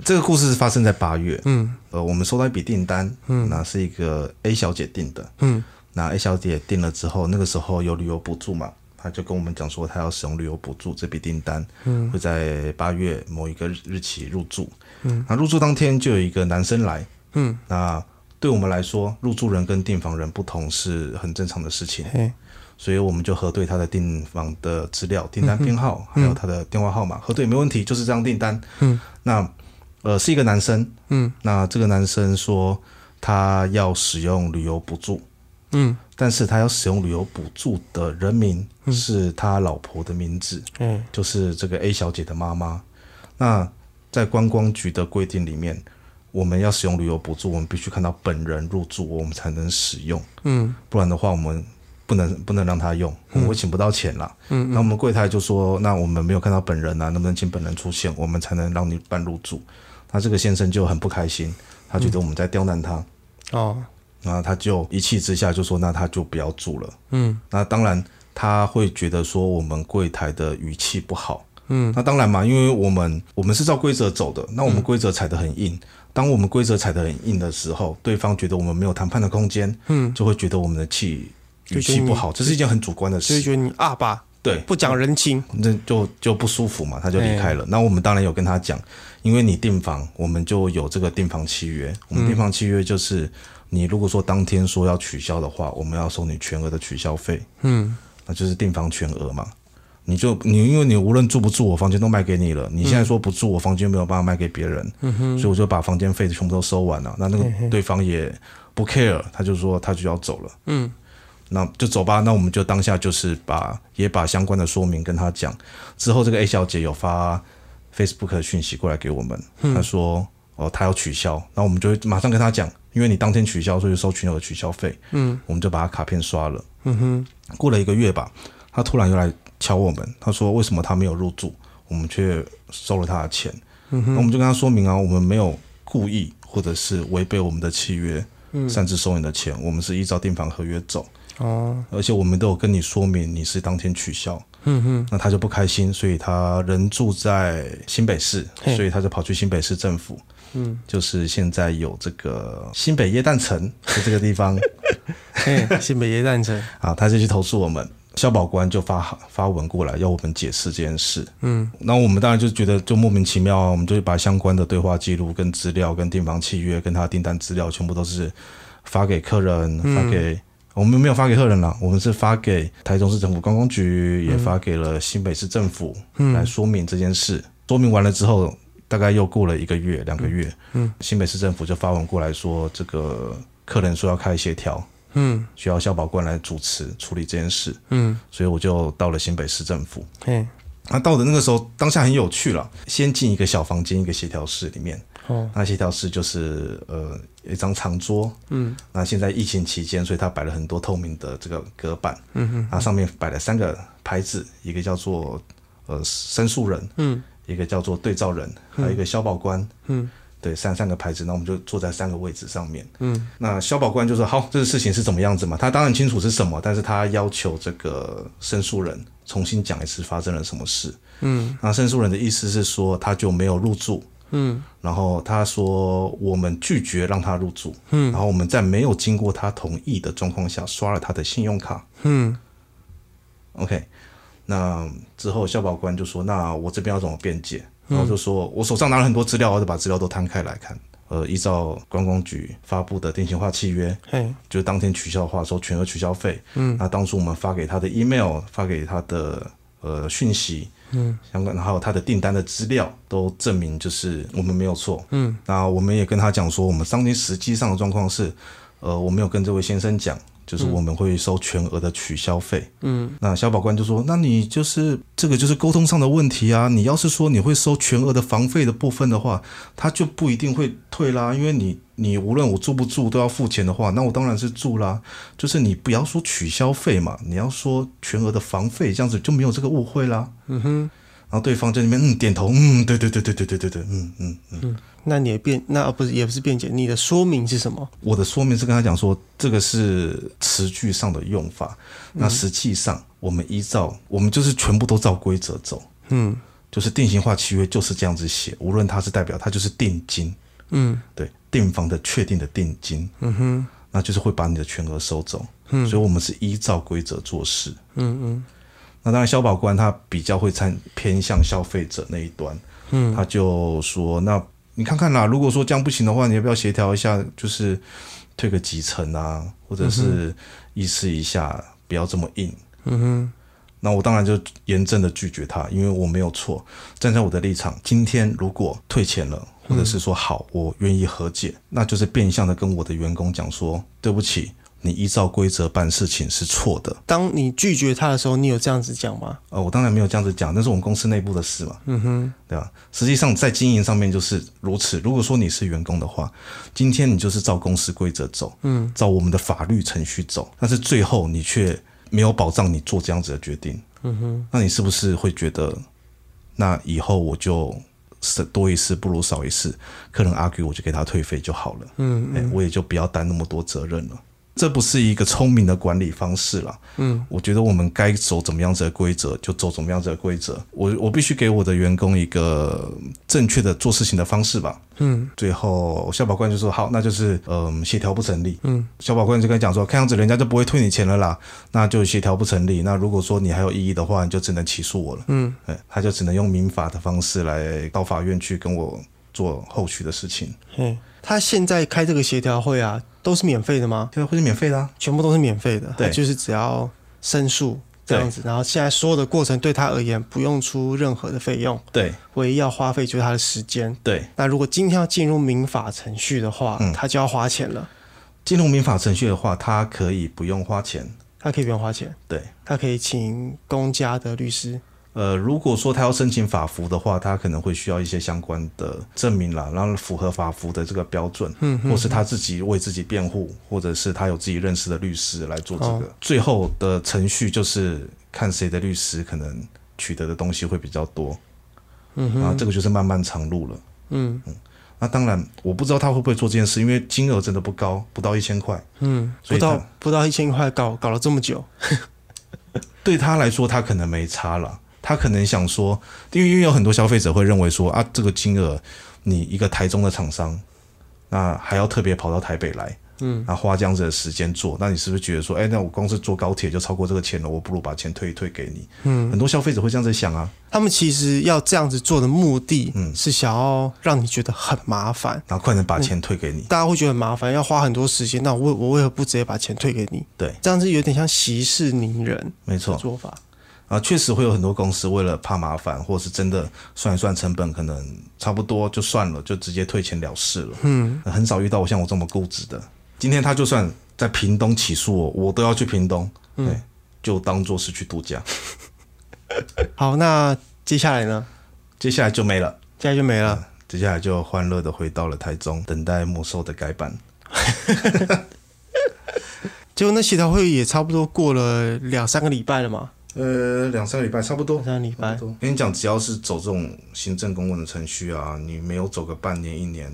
這個故事是發生在八月。嗯，呃，我們收到一筆訂單。嗯，那是一個 A 小姐訂的。嗯，那 A 小姐訂了之後，那個時候有旅遊補助嘛，她就跟我們講說她要使用旅遊補助這筆訂，這筆訂單嗯會在八月某一個日期入住。嗯，那入住當天就有一個男生來。嗯，那。對我們來說，入住人跟訂房人不同是很正常的事情，okay. 所以我們就核對他的訂房的資料、訂單編號，嗯嗯還有他的電話號碼，嗯、核對沒問題，就是這張訂單。嗯，那呃是一個男生，嗯，那這個男生說他要使用旅遊補助，嗯，但是他要使用旅遊補助的人名是他老婆的名字，嗯，就是這個 A 小姐的媽媽。那在觀光局的規定裡面。我們要使用旅遊補助，我們必須看到本人入住，我們才能使用。嗯，不然的話，我們不能不能讓他用，嗯嗯、我們會請不到錢啦。嗯，那我們櫃台就說：“那我們沒有看到本人啊，能不能請本人出現，我們才能讓你辦入住？”那這個先生就很不開心，他覺得我們在刁難他。哦、嗯，那他就一氣之下就說：“那他就不要住了。”嗯，那當然他會覺得說我們櫃台的語氣不好。嗯，那當然嘛，因為我們我們是照規則走的，那我們規則踩得很硬。當我們規則踩得很硬的時候，對方覺得我們沒有談判的空間，嗯，就會覺得我們的氣語氣不好。對對，這是一件很主觀的事。就覺得你啊吧，對，不講人情，那就就不舒服嘛，他就離開了。哎。那我們當然有跟他講，因為你訂房，我們就有這個訂房契約。我們訂房契約就是，嗯，你如果說當天說要取消的話，我們要收你全額的取消費，嗯，那就是訂房全額嘛。你就你，因為你無論住不住，我房間都賣給你了。你現在說不住，我房間沒有辦法賣給別人，嗯哼，所以我就把房間費全部都收完了。那那個對方也不 care，嘿嘿，他就說他就要走了。嗯，那就走吧。那我們就當下就是把也把相關的說明跟他講。之後這個 A 小姐有發 Facebook 的訊息過來給我們，她說哦，她，嗯呃，要取消。那我們就馬上跟他講，因為你當天取消，所以收群友的取消費。嗯，我們就把他卡片刷了。嗯哼，過了一個月吧，他突然又來敲我們，他說為什麼他沒有入住，我們卻收了他的錢？嗯哼，那我們就跟他說明啊，我們沒有故意或者是違背我們的契約，嗯，擅自收你的錢，我們是依照訂房合約走，哦，而且我們都有跟你說明，你是當天取消，嗯哼，那他就不開心，所以他人住在新北市，所以他就跑去新北市政府，嗯，就是現在有這個新北耶誕城在這個地方， 嘿新北耶誕城， 好，他就去投訴我們。消保官就發發文過來要我們解釋這件事，嗯，那我們當然就覺得就莫名其妙啊，我們就把相關的對話記錄、跟資料、跟訂房契約、跟他訂單資料全部都是發給客人，發給、嗯、我們沒有發給客人了，我們是發給台中市政府觀光局，嗯、也發給了新北市政府嗯，來說明這件事。說明完了之後，大概又過了一個月、兩個月，嗯，嗯新北市政府就發文過來說，這個客人說要開協調。嗯，需要消保官來主持處理這件事。嗯，所以我就到了新北市政府。嘿，那、啊、到的那個時候，當下很有趣了。先進一個小房間，一個協調室裡面。哦，那協調室就是呃一張長桌。嗯，那現在疫情期間，所以他擺了很多透明的這個隔板。嗯哼，啊，上面擺了三個牌子，一個叫做呃申訴人，嗯，一個叫做對造人，還有一個消保官。嗯。嗯嗯對，三三個牌子，那我們就坐在三個位置上面。嗯，那消保官就說：“好，這個事情是怎麼樣子嘛？”他當然清楚是什麼，但是他要求這個申訴人重新講一次發生了什麼事。嗯，那申訴人的意思是說，他就沒有入住。嗯，然後他說：“我們拒絕讓他入住。嗯，然後我們在沒有經過他同意的狀況下刷了他的信用卡。嗯，OK。那之後，消保官就說：“那我這邊要怎麼辯解？”嗯、然後就說，我手上拿了很多資料，我就把資料都攤開來看。呃，依照觀光局發布的定型化契約，就是當天取消的話，收全額取消費。嗯，那當初我們發給他的 email，發給他的呃訊息，嗯，相關，然後他的訂單的資料都證明就是我們沒有錯。嗯，那我們也跟他講說，我們當天實際上的狀況是，呃，我沒有跟這位先生講。就是我們會收全額的取消費，嗯，那消保官就說，那你就是這個就是溝通上的問題啊，你要是說你會收全額的房費的部分的話，他就不一定會退啦，因為你你無論我住不住都要付錢的話，那我當然是住啦，就是你不要說取消費嘛，你要說全額的房費，這樣子就沒有這個誤會啦，嗯哼，然後對方在裡面嗯點頭，嗯，對對對對對對對對，嗯嗯嗯。嗯嗯那你的辯，那不是也不是辯解，你的說明是什麼？我的說明是跟他講說，這個是詞句上的用法。嗯，那實際上，我們依照我們就是全部都照規則走。嗯，就是定型化契約就是這樣子寫，無論它是代表，它就是定金。嗯，對，訂房的確定的定金。嗯哼，那就是會把你的全額收走。嗯，所以我們是依照規則做事。嗯嗯，那當然，消保官他比較會參偏向消費者那一端。嗯，他就說那。你看看啦，如果說這樣不行的話，你要不要協調一下？就是退個幾成啊，或者是意思一下、嗯，不要這麼硬。嗯哼，那我當然就嚴正的拒絕他，因為我沒有錯。站在我的立場，今天如果退錢了，或者是說好，我願意和解、嗯，那就是變相的跟我的員工講說，對不起。你依照規則辦事情是錯的。當你拒絕他的時候，你有這樣子講嗎？哦，我當然沒有這樣子講，那是我們公司內部的事嘛。嗯哼，對吧？實際上在經營上面就是如此。如果說你是員工的話，今天你就是照公司規則走，嗯，照我們的法律程序走，嗯、但是最後你卻沒有保障，你做這樣子的決定。嗯哼，那你是不是會覺得，那以後我就是多一次不如少一次，客人阿 Q 我就給他退費就好了。嗯嗯，欸、我也就不要擔那麼多責任了。這不是一個聰明的管理方式啦，嗯，我覺得我們該走怎麼樣子的規則就走怎麼樣子的規則，我我必須給我的員工一個正確的做事情的方式吧，嗯，最後小法官就說好，那就是嗯、呃、協調不成立，嗯，小法官就跟你講說，看樣子人家就不會退你錢了啦，那就協調不成立，那如果說你還有異議的話，你就只能起訴我了，嗯，他就只能用民法的方式來到法院去跟我做後續的事情，嗯，他現在開這個協調會啊。都是免費的嗎？對，或者免費的、啊，全部都是免費的。對，就是只要申訴這樣子，然後現在所有的過程對他而言不用出任何的費用。對，唯一要花費就是他的時間。對。那如果今天要進入民法程序的話，嗯、他就要花錢了。進入民法程序的話，他可以不用花錢。他可以不用花錢。對，他可以請公家的律師。呃，如果說他要申請法服的話，他可能會需要一些相關的證明啦。然後符合法服的這個標準，嗯，嗯或是他自己為自己辯護，或者是他有自己認識的律師來做這個。最後的程序就是看誰的律師可能取得的東西會比較多，嗯，啊，這個就是漫漫長路了，嗯嗯。那當然，我不知道他會不會做這件事，因為金額真的不高，不到一千塊，嗯，不到不到一千塊搞，搞搞了這麼久， 對他來說他可能沒差了。他可能想說，因為因為有很多消費者會認為說啊，這個金額，你一個台中的廠商，那還要特別跑到台北來，嗯，啊花這樣子的時間做，那你是不是覺得說，哎、欸，那我光是坐高鐵就超過這個錢了，我不如把錢退一退給你。嗯，很多消費者會這樣子想啊，他們其實要這樣子做的目的，嗯，是想要讓你覺得很麻煩、嗯，然後快點把錢退給你、嗯。大家會覺得很麻煩，要花很多時間，那我我為何不直接把錢退給你？對，這樣子有點像息事寧人，沒錯做法。啊，確實會有很多公司為了怕麻煩，或是真的算一算成本，可能差不多就算了，就直接退錢了事了。嗯、啊、很少遇到我像我這麼固執的。今天他就算在屏東起訴我，我都要去屏東，嗯、對就當做是去度假。嗯、 好，那接下來呢？接下來就沒了，接下來就沒了，啊、接下來就歡樂的回到了台中，等待魔獸的改版。結 果 那協調會也差不多過了兩三個禮拜了嘛。呃，兩三個禮拜差不多。兩三個禮拜多。跟你講，只要是走這種行政公文的程序啊，你沒有走個半年一年，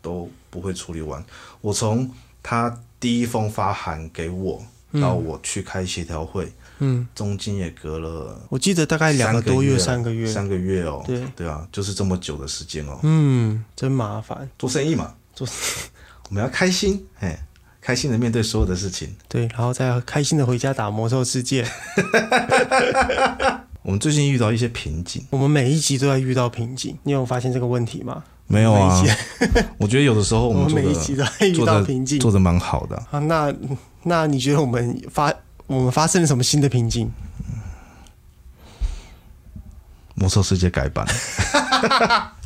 都不會處理完。我從他第一封發函給我，到我去開協調會，嗯，中間也隔了、嗯，我記得大概兩個多月、三個月、三個月哦。對，對啊，就是這麼久的時間哦。嗯，真麻煩。做生意嘛，做生意，我們要開心，哎。開心的面對所有的事情，對，然後再開心的回家打魔獸世界。 我們最近遇到一些瓶頸，我們每一集都在遇到瓶頸。你有發現這個問題嗎？沒有啊，我， 我覺得有的時候我們做的我們每一集都在遇到瓶頸，做的蠻好的。啊，那那你覺得我們發我們發生了什麼新的瓶頸？魔獸世界改版。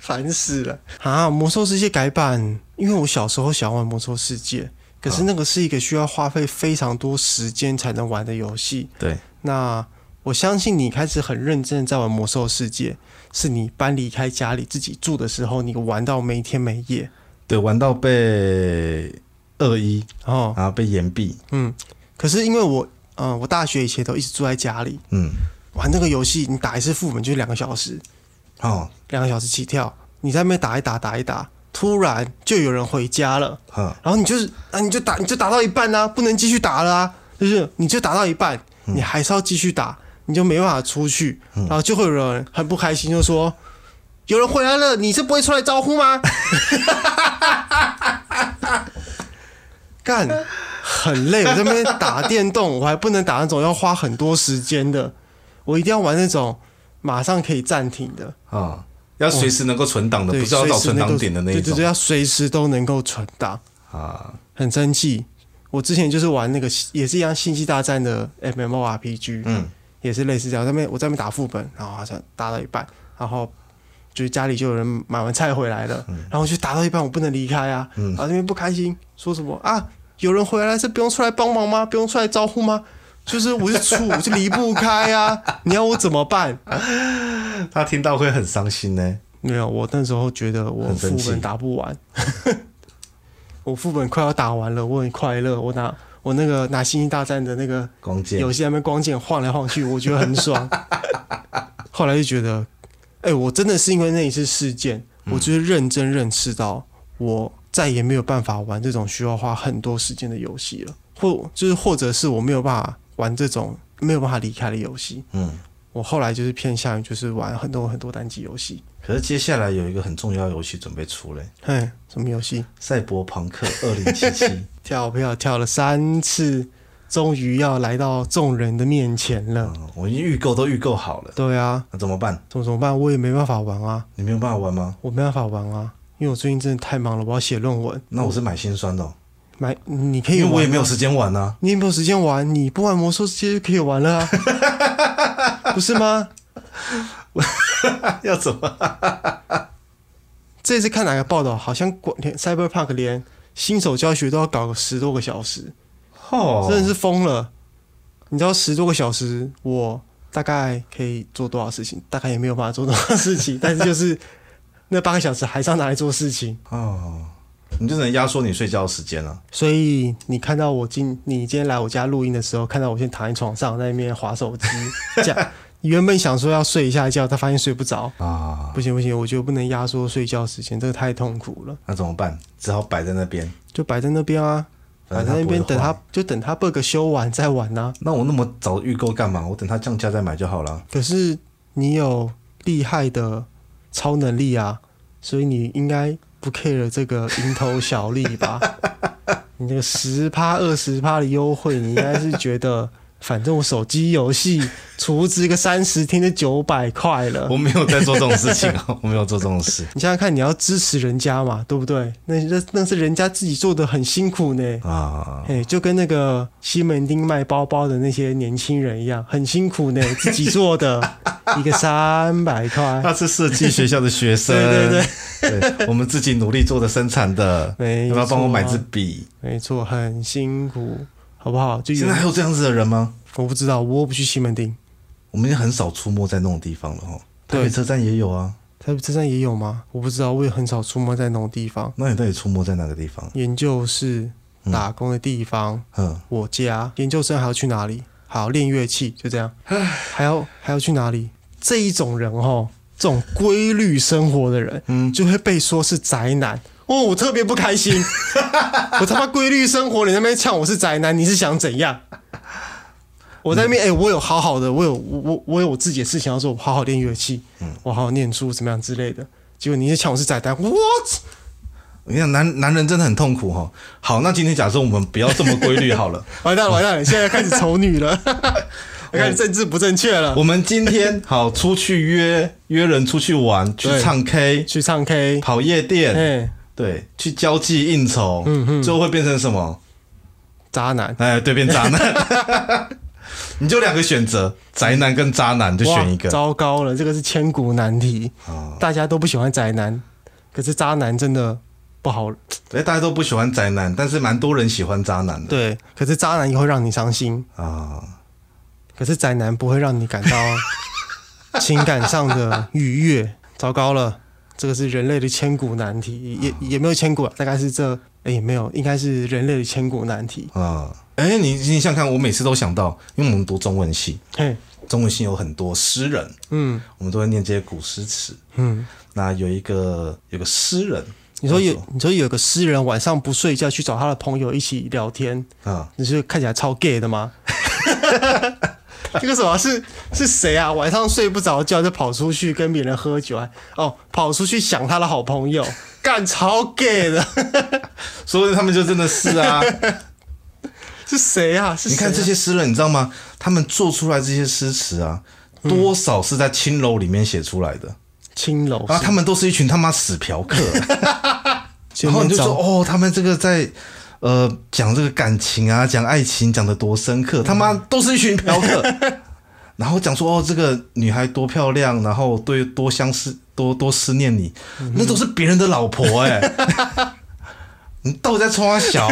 煩死了啊！魔獸世界改版，因為我小時候喜歡玩魔獸世界，可是那個是一個需要花費非常多時間才能玩的遊戲。對，那我相信你開始很認真在玩魔獸世界，是你搬離開家裡自己住的時候，你玩到每天每夜。對，玩到被二一，然後被延畢。嗯，可是因為我，嗯、呃，我大學以前都一直住在家裡，嗯，玩這個遊戲，你打一次副本就兩個小時。哦、嗯，兩個小時起跳，你在那邊打一打，打一打，突然就有人回家了。嗯、然後你就是，啊，你就打，你就打到一半啦、啊，不能繼續打了、啊，就是你就打到一半，你還是要繼續打，嗯、你就沒辦法出去，然後就會有人很不開心，就說、嗯、有人回來了，你是不會出來招呼嗎？ 幹，很累，我在那邊打電動，我還不能打那種要花很多時間的，我一定要玩那種。馬上可以暫停的啊、哦，要隨時能夠存檔的，哦、不是要到存檔點的那種，對對對，要隨時都能夠存檔啊、哦。很生氣，我之前就是玩那個也是一樣《星際大戰》的 MMORPG，嗯，也是類似這樣。我在那邊我這邊打副本，然後好像打到一半，然後就是家裡就有人買完菜回來了，然後就打到一半，我不能離開啊，然後那邊不，、啊嗯、不開心，說什麼啊？有人回來是不用出來幫忙嗎？不用出來招呼嗎？就是我是處，就離不開啊。你要我怎麼辦？他聽到會很傷心呢。沒有，我那時候覺得我副本打不完， 我副本快要打完了，我很快樂。我拿我那個拿星際大戰的那個遊戲還沒光劍晃來晃去，我覺得很爽。 後來就覺得，哎、欸，我真的是因為那一次事件，我就是認真認識到，我再也沒有辦法玩這種需要花很多時間的遊戲了，或就是或者是我沒有辦法。玩這種沒有辦法離開的遊戲。嗯，我後來就是偏向於就是玩很多很多單機遊戲。可是接下來有一個很重要的遊戲準備出來，欸。嘿，什麼遊戲？賽博朋克二零七七。跳票跳了三次，終於要來到眾人的面前了。嗯、我已經預購都預購好了。對啊，那怎麼辦？怎麼怎麼辦？我也沒辦法玩啊。你沒有辦法玩嗎？我沒辦法玩啊，因為我最近真的太忙了，我要寫論文。那我是買心酸的哦。買，你可以。因為我也沒有時間玩啊，你也沒有時間玩，你不玩魔獸世界就可以玩了啊， 不是嗎？ 要走嗎？這次看哪個報道，好像連 Cyberpunk 連新手教學都要搞個十多個小時，哦，真的是瘋了。你知道十多個小時，我大概可以做多少事情？大概也沒有辦法做多少事情，但是就是那八個小時還是要拿來做事情哦。Oh. 你就能壓縮你睡覺的時間了。所以你看到我今你今天來我家錄音的時候，看到我先躺在床上在那邊滑手機，這樣你原本想說要睡一下覺，他發現睡不着啊、哦！不行不行，我就不能壓縮睡覺時間，這個太痛苦了。那、啊、怎麼辦？只好擺在那邊，就擺在那邊啊，擺在那邊等他，就等他 bug 修完再玩呢、啊。那我那麼早預購幹嘛？我等他降價再買就好了。可是你有厲害的超能力啊，所以你應該。不 care 這個蠅頭小利吧？你這個十趴二十趴的優惠，你應該是覺得。反正我手機遊戲儲值一個三十天的九百塊了，我沒有在做這種事情啊， 我沒有做這種事。你想想看，你要支持人家嘛，對不對？那那那是人家自己做的很辛苦呢、欸、啊，哎、欸，就跟那個西門町賣包包的那些年輕人一樣，很辛苦呢、欸，自己做的一個三百塊。他 是設計學校的學生， 對對對， 對，我們自己努力做的生產的，有沒有要要幫我買支筆沒？沒錯，很辛苦。好不好，就現在還有這樣子的人嗎？我不知道，我不去西門町，我們已經很少出沒在那種地方了齁。台北車站也有啊，台北車站也有嗎？我不知道，我也很少出沒在那種地方。那你到底出沒在哪個地方？研究室、打工的地方、嗯，我家。嗯、研究生還要去哪裡？好，練樂器，就這樣。 還要還要去哪裡？這一種人齁，這種規律生活的人，嗯，就會被說是宅男。我，我特別不開心， 我他媽規律生活，你在那邊嗆我是宅男，你是想怎樣？我在那邊哎、嗯欸，我有好好的，我有我我有我自己的事情要做，我好好練樂器、嗯，我好好念書，怎麼樣之類的。結果你一嗆「我是宅男，我操！你看男男人真的很痛苦哈、哦。好，那今天假設我們不要這麼規律好了， 完蛋了，完蛋了，現在開始醜女了，我 看政治不正確了、欸。我們今天好 出去約約人出去玩，去唱 K，去唱 K，跑夜店。欸對，去交際應酬，嗯哼、嗯，最後會變成什麼？渣男。哎，對，變渣男。 你就兩個選擇，宅男跟渣男，就選一個。糟糕了，這個是千古難題、哦。大家都不喜歡宅男，可是，渣男真的不好。哎、欸，大家都不喜歡宅男，但是蠻多人喜歡渣男的。對，可是渣男也會讓你傷心啊、哦。可是宅男不會讓你感到情感上的愉悅。 糟糕了。這個是人類的千古難題，也也沒有千古啊，大概是這也、個欸、沒有，應該是人類的千古難題啊。哎、嗯欸，你你想想看，我每次都想到，因為我們讀中文系，欸、中文系有很多詩人，嗯，我們都會念這些古詩詞，嗯，那有一個有一個詩人、嗯，你說有你說有一個詩人晚上不睡覺去找他的朋友一起聊天，啊、嗯，你是看起來超 gay 的嗎？ 這個什麼，是是誰啊？晚上睡不着覺就跑出去跟別人喝酒，哦，跑出去想他的好朋友，幹超 gay 的，所 以他們就真的是啊， 是誰啊，是誰啊？你看這些詩人，你知道嗎？他們做出來這些詩詞啊，多少是在青樓裡面寫出來的，嗯、青樓啊，他們都是一群他媽死嫖客、啊， 然後你就說 哦，他們這個在。呃，講這個感情啊，講愛情，講得多深刻，嗯、他媽都是一群嫖客。 然後講說，哦，這個女孩多漂亮，然後對多相思，多多思念你，嗯、那都是別人的老婆哎、欸。 你到底在創小？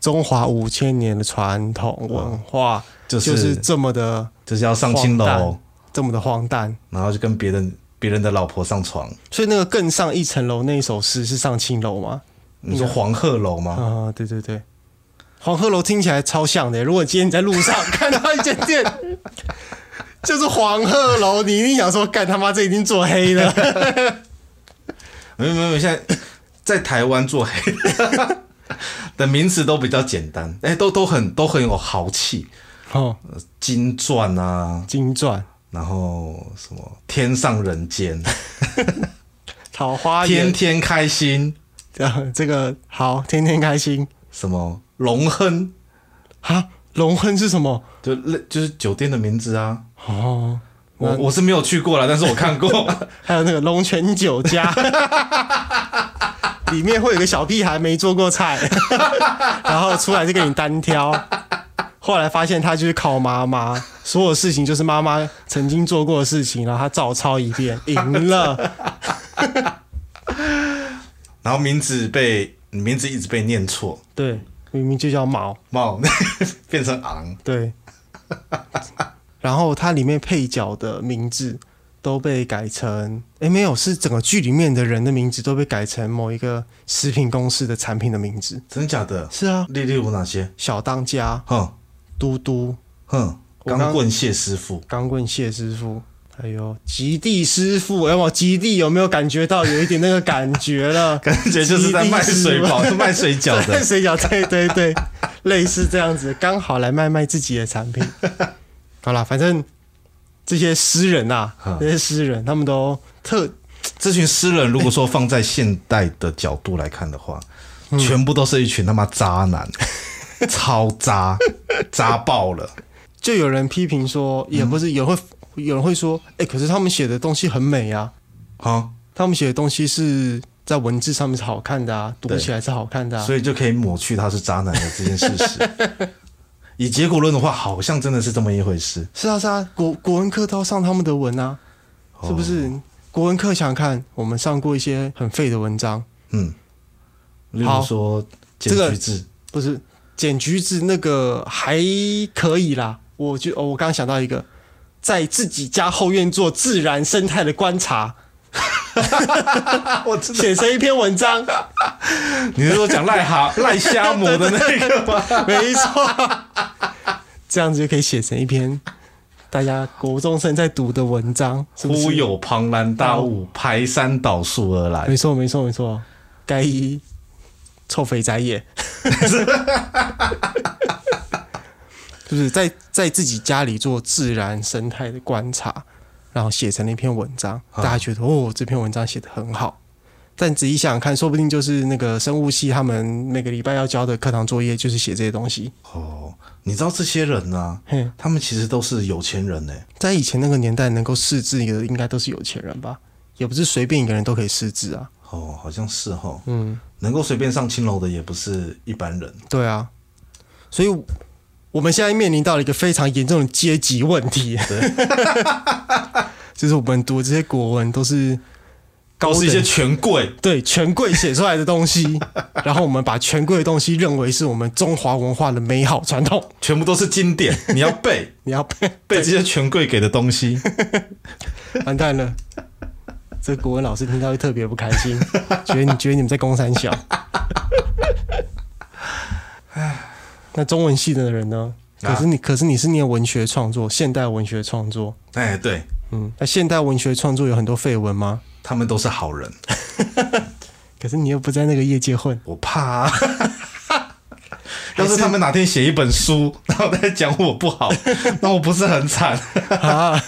中華五千年的傳統文化、嗯就是、就是這麼的，就是要上青樓，這麼的荒誕，然後就跟別人別人的老婆上床。所以那個更上一層樓那一首詩是上青樓嗎？你說黃鶴樓嗎？啊、哦，對對對，黃鶴樓聽起來超像的。如果今天你在路上看到一間店， 就是黃鶴樓，你一定想說：“幹他媽，這已經做黑了。 ”沒有沒有，現在在台灣做黑的， 的名詞都比較簡單，哎、欸，都都很都很有豪氣哦，金鑽啊，金鑽，然後什麼天上人間，桃 花，天天開心。 這個好，天天開心。什麼龍亨？啊龍亨是什麼？就就是酒店的名字啊。哦，我我是沒有去過啦，但是我看過。 還有那個龍泉酒家， 裡面會有個小屁孩沒做過菜， 然後出來就跟你單挑。後來發現他就是靠媽媽，所有事情就是媽媽曾經做過的事情，然後他照抄一遍，贏了。 然後名字被名字一直被念錯，對，明明就叫毛毛， 變成昂，對， 然後它裡面配角的名字都被改成，哎沒有，是整個劇裡面的人的名字都被改成某一個食品公司的產品的名字。真的假的？是啊，例如有哪些？小當家，哼，嘟嘟，哼，鋼棍謝師傅，鋼棍謝師傅。哎呦，極地師傅，哎呦，極地，有沒有感覺到有一點那個感覺了？感 覺就是在賣水寶，是賣水餃的，賣水餃，對對對，類似這樣子，剛好來賣賣自己的產品。好啦，反正這些詩人啊，這些詩人他們都特，這群詩人如果說放在現代的角度來看的話，嗯、全部都是一群他媽渣男、嗯，超渣，渣爆了。就有人批評說，也不是，也會。有人會說：“哎、欸，可是他們寫的東西很美啊！啊、嗯，他們寫的東西是在文字上面是好看的啊，讀起來是好看的，啊，所以就可以抹去他是渣男的這件事實。 以結果論的話，好像真的是這麼一回事。是啊，是啊，國國文課都要上他們的文啊，哦、是不是？國文課想看，我們上過一些很廢的文章，嗯，例如說。這個橘子不是撿橘子，那個還可以啦。我就，哦，我剛剛想到一個。”在自己家後院做自然生態的觀察， 寫我知道笑成一篇文章。 你是說講癩蛤癩蝦母的那個嗎？ 對對 沒錯，這樣子就可以寫成一篇大家國中生在讀的文章，忽有龐然大物排山倒樹而來。 沒錯，沒錯，沒錯，該一臭肥宅也。 就是在在自己家裡做自然生態的觀察，然後寫成了一篇文章。哦，大家覺得哦這篇文章寫得很好，但仔細想想看，說不定就是那個生物系他們每個禮拜要交的課堂作業，就是寫這些東西。哦，你知道這些人呢、啊？嘿，他們其實都是有錢人呢、欸、在以前那個年代，能夠識字的應該都是有錢人吧？也不是隨便一個人都可以識字啊。哦，好像是哦，嗯，能夠隨便上青樓的也不是一般人。對啊，所以。嗯我們現在面臨到了一個非常嚴重的階級問題， 就是我們讀的這些國文都是高是一些權貴，對權貴寫出來的東西，然後我們把權貴的東西認為是我們中華文化的美好傳統，全部都是經典，你要背， 你要背背這些權貴給的東西，完蛋 了，這個、國文老師聽到會特別不開心，覺得你覺得你們在公三小？哎。 那中文系的人呢？啊？可是你，可是你是念文學創作，現代文學創作。哎，對，嗯，那現代文學創作有很多緋聞嗎？他們都是好人。 可是你又不在那個業界混，我怕啊。要 是他們哪天寫一本書，然後再講我不好，那我不是很慘 啊？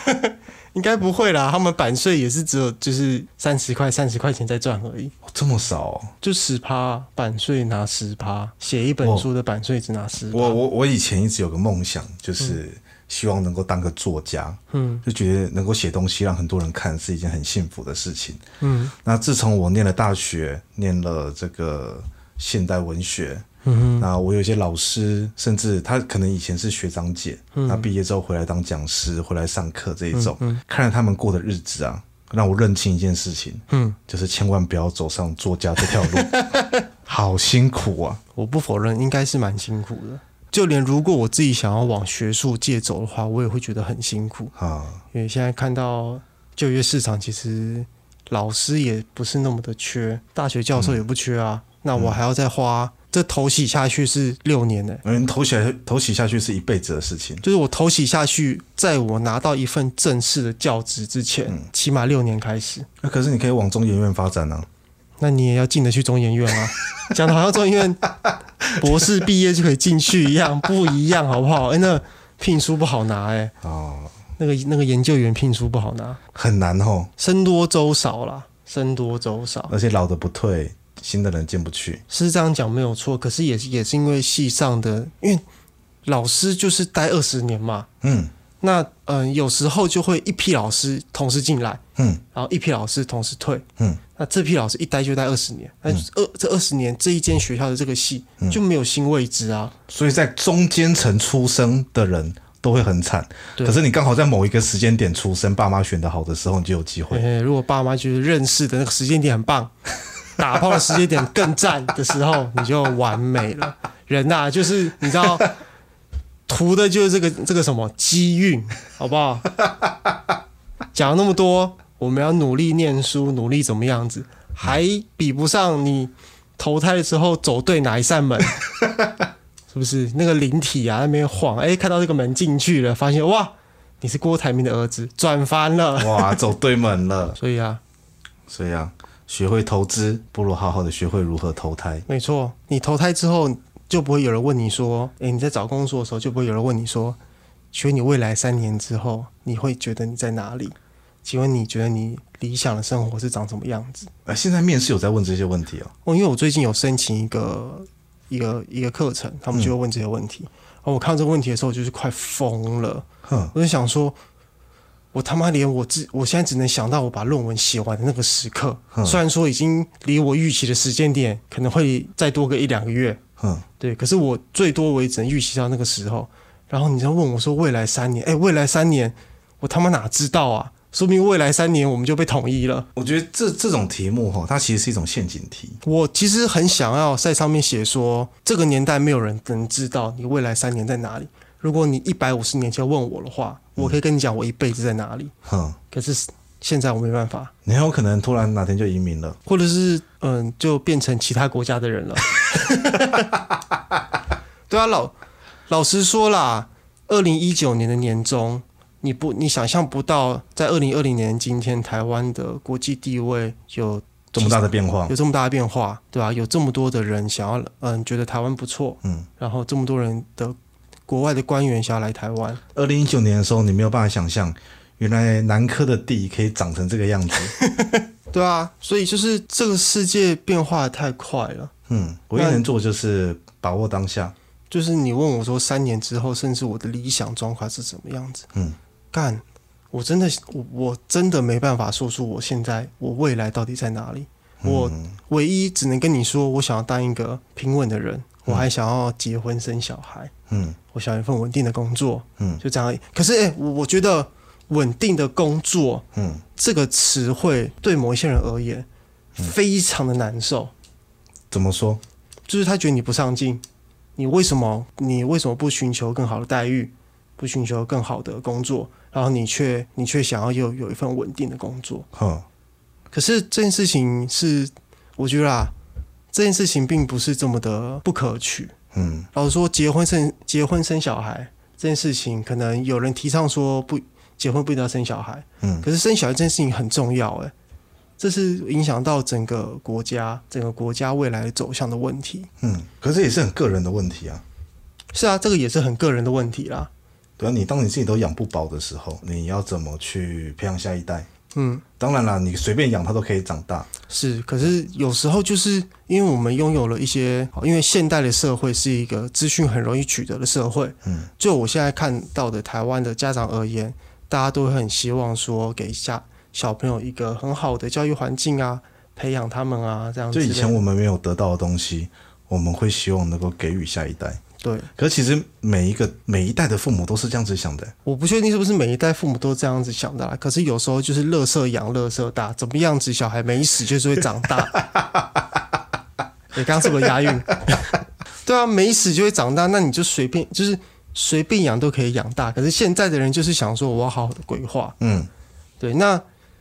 應該不會啦，他們版稅也是只有就是三十塊三十塊錢在賺而已。這麼少啊？就十趴版稅，拿十趴，寫一本書的版稅只拿十趴。哦。我我我以前一直有個夢想，就是希望能夠當個作家，嗯，就覺得能夠寫東西讓很多人看是一件很幸福的事情，嗯。那自從我念了大學，念了這個現代文學。嗯、那我有些老師，甚至他可能以前是學長姐，嗯、他畢業之後回來當講師，回來上課這一種、嗯，看着他們過的日子啊，讓我認清一件事情，嗯，就是千萬不要走上作家這條路， 好辛苦啊！我不否認，應該是蠻辛苦的。就連如果我自己想要往學術界走的話，我也會覺得很辛苦啊、嗯，因為現在看到就業市場，其實老師也不是那麼的缺，大學教授也不缺啊，嗯、那我還要再花。頭洗下去是六年呢、欸，嗯，頭洗頭洗下去是一輩子的事情。就是我頭洗下去，在我拿到一份正式的教職之前，嗯、起碼六年開始。那可是你可以往中研院發展呢、啊，那你也要進得去中研院啊？講 的好像中研院博士畢業就可以進去一樣，不一樣好不好？哎、欸，那聘書不好拿哎、欸，哦，那個那個研究員聘書不好拿，很難哦，僧多粥少啦，僧多粥少，而且老的不退。新的人進不去，是這樣講沒有錯。可是也是也是因為系上的，因為老師就是待二十年嘛。嗯，那嗯、呃、有時候就會一批老師同時進來，嗯，然後一批老師同時退，嗯，那這批老師一待就待二十年，嗯、那二這二十年這一間學校的這個系、嗯、就沒有新位置啊。所以在中間層出生的人都會很慘。可是你剛好在某一個時間點出生，爸媽選得好的時候，你就有機會欸欸。如果爸媽就是認識的那個時間點很棒。 打炮的時間點更讚的時候，你就完美了。人吶、啊，就是你知道，圖的就是這個這個什麼機運好不好？講那麼多，我們要努力念書，努力怎麼樣子，還比不上你投胎的時候走對哪一扇門，是不是？那個靈體啊，那邊晃，哎，看到這個門進去了，發現哇，你是郭台銘的兒子，轉翻了，哇，走對門了。所以啊，所以啊。學會投資，不如好好的學會如何投胎。沒錯，你投胎之後，就不會有人問你說、欸：“你在找工作的時候，就不會有人問你說，學你未來三年之後，你會覺得你在哪裡？請問你覺得你理想的生活是長什麼樣子？”呃，現在面試有在問這些問題哦，哦，因為我最近有申請一個一個一個課程，他們就會問這些問題。嗯、哦，我看到這個問題的時候，我就是快瘋了。哼，我就想說。我他媽連我自我現在只能想到我把論文寫完的那個時刻，嗯、雖然說已經離我預期的時間點可能會再多個一兩個月，嗯，對，可是我最多也只能預期到那個時候。然後你就問我說未來三年，哎、欸，未來三年，我他媽哪知道啊？說明未來三年我們就被統一了。我覺得這這種題目哈、哦，它其實是一種陷阱題。我其實很想要在上面寫說，這個年代沒有人能知道你未來三年在哪裡。如果你一百五十年前問我的話，嗯，我可以跟你講我一輩子在哪裡。哼、嗯，可是現在我沒辦法。你很有可能突然哪天就移民了，或者是嗯，就變成其他國家的人了。 對啊，老老實說啦，二零一九年的年終，你不你想象不到，在二零二零年今天，台灣的國際地位有這麼大的變化，有這麼大的變化，對吧？啊？有這麼多的人想要嗯，覺得台灣不錯，嗯，然後這麼多人的。國外的官員想要來台灣。二零一九年的時候，你沒有辦法想象，原來南科的地可以長成這個樣子。 對啊，所以就是這個世界變化太快了。嗯，我唯一能做就是把握當下。就是你問我說三年之後，甚至我的理想狀況是怎麼樣子？嗯，幹，我真的，我我真的沒辦法說出我現在我未來到底在哪裡。嗯，我唯一只能跟你說，我想要當一個平穩的人，我還想要結婚生小孩。嗯，我想要一份穩定的工作，嗯，就這樣而已。可是，哎、欸，我覺得“穩定的工作”嗯，這個詞彙對某一些人而言、嗯，非常的難受。怎麼說？就是他覺得你不上進，你為什麼？你為什麼不尋求更好的待遇？不尋求更好的工作？然後你卻你卻想要有有一份穩定的工作。可是這件事情是，我覺得啊，這件事情並不是這麼的不可取。嗯，老實說結婚生結婚生小孩這件事情，可能有人提倡說不結婚，不一定要生小孩，嗯，可是生小孩這件事情很重要哎，這是影響到整個國家整個國家未來走向的問題。嗯，可是也是很個人的問題啊。是啊，這個也是很個人的問題啦。對啊，你當你自己都養不飽的時候，你要怎麼去培養下一代？嗯。當然啦，你隨便養它都可以長大。是，可是有時候就是因為我們擁有了一些，因為現代的社會是一個資訊很容易取得的社會。嗯，就我現在看到的台灣的家長而言，大家都很希望說給下小朋友一個很好的教育環境啊，培養他們啊，這樣子。就以前我們沒有得到的東西，我們會希望能夠給予下一代。對，可是其實每一個每一代的父母都是這樣子想的欸。我不確定是不是每一代父母都這樣子想的啦，可是有時候就是樂色養樂色大，怎麼樣子小孩沒死就是會長大。你剛剛是不是押韻？ 對啊，沒死就會長大，那你就隨便就是隨便養都可以養大。可是現在的人就是想說，我要好好的規劃。嗯，對，那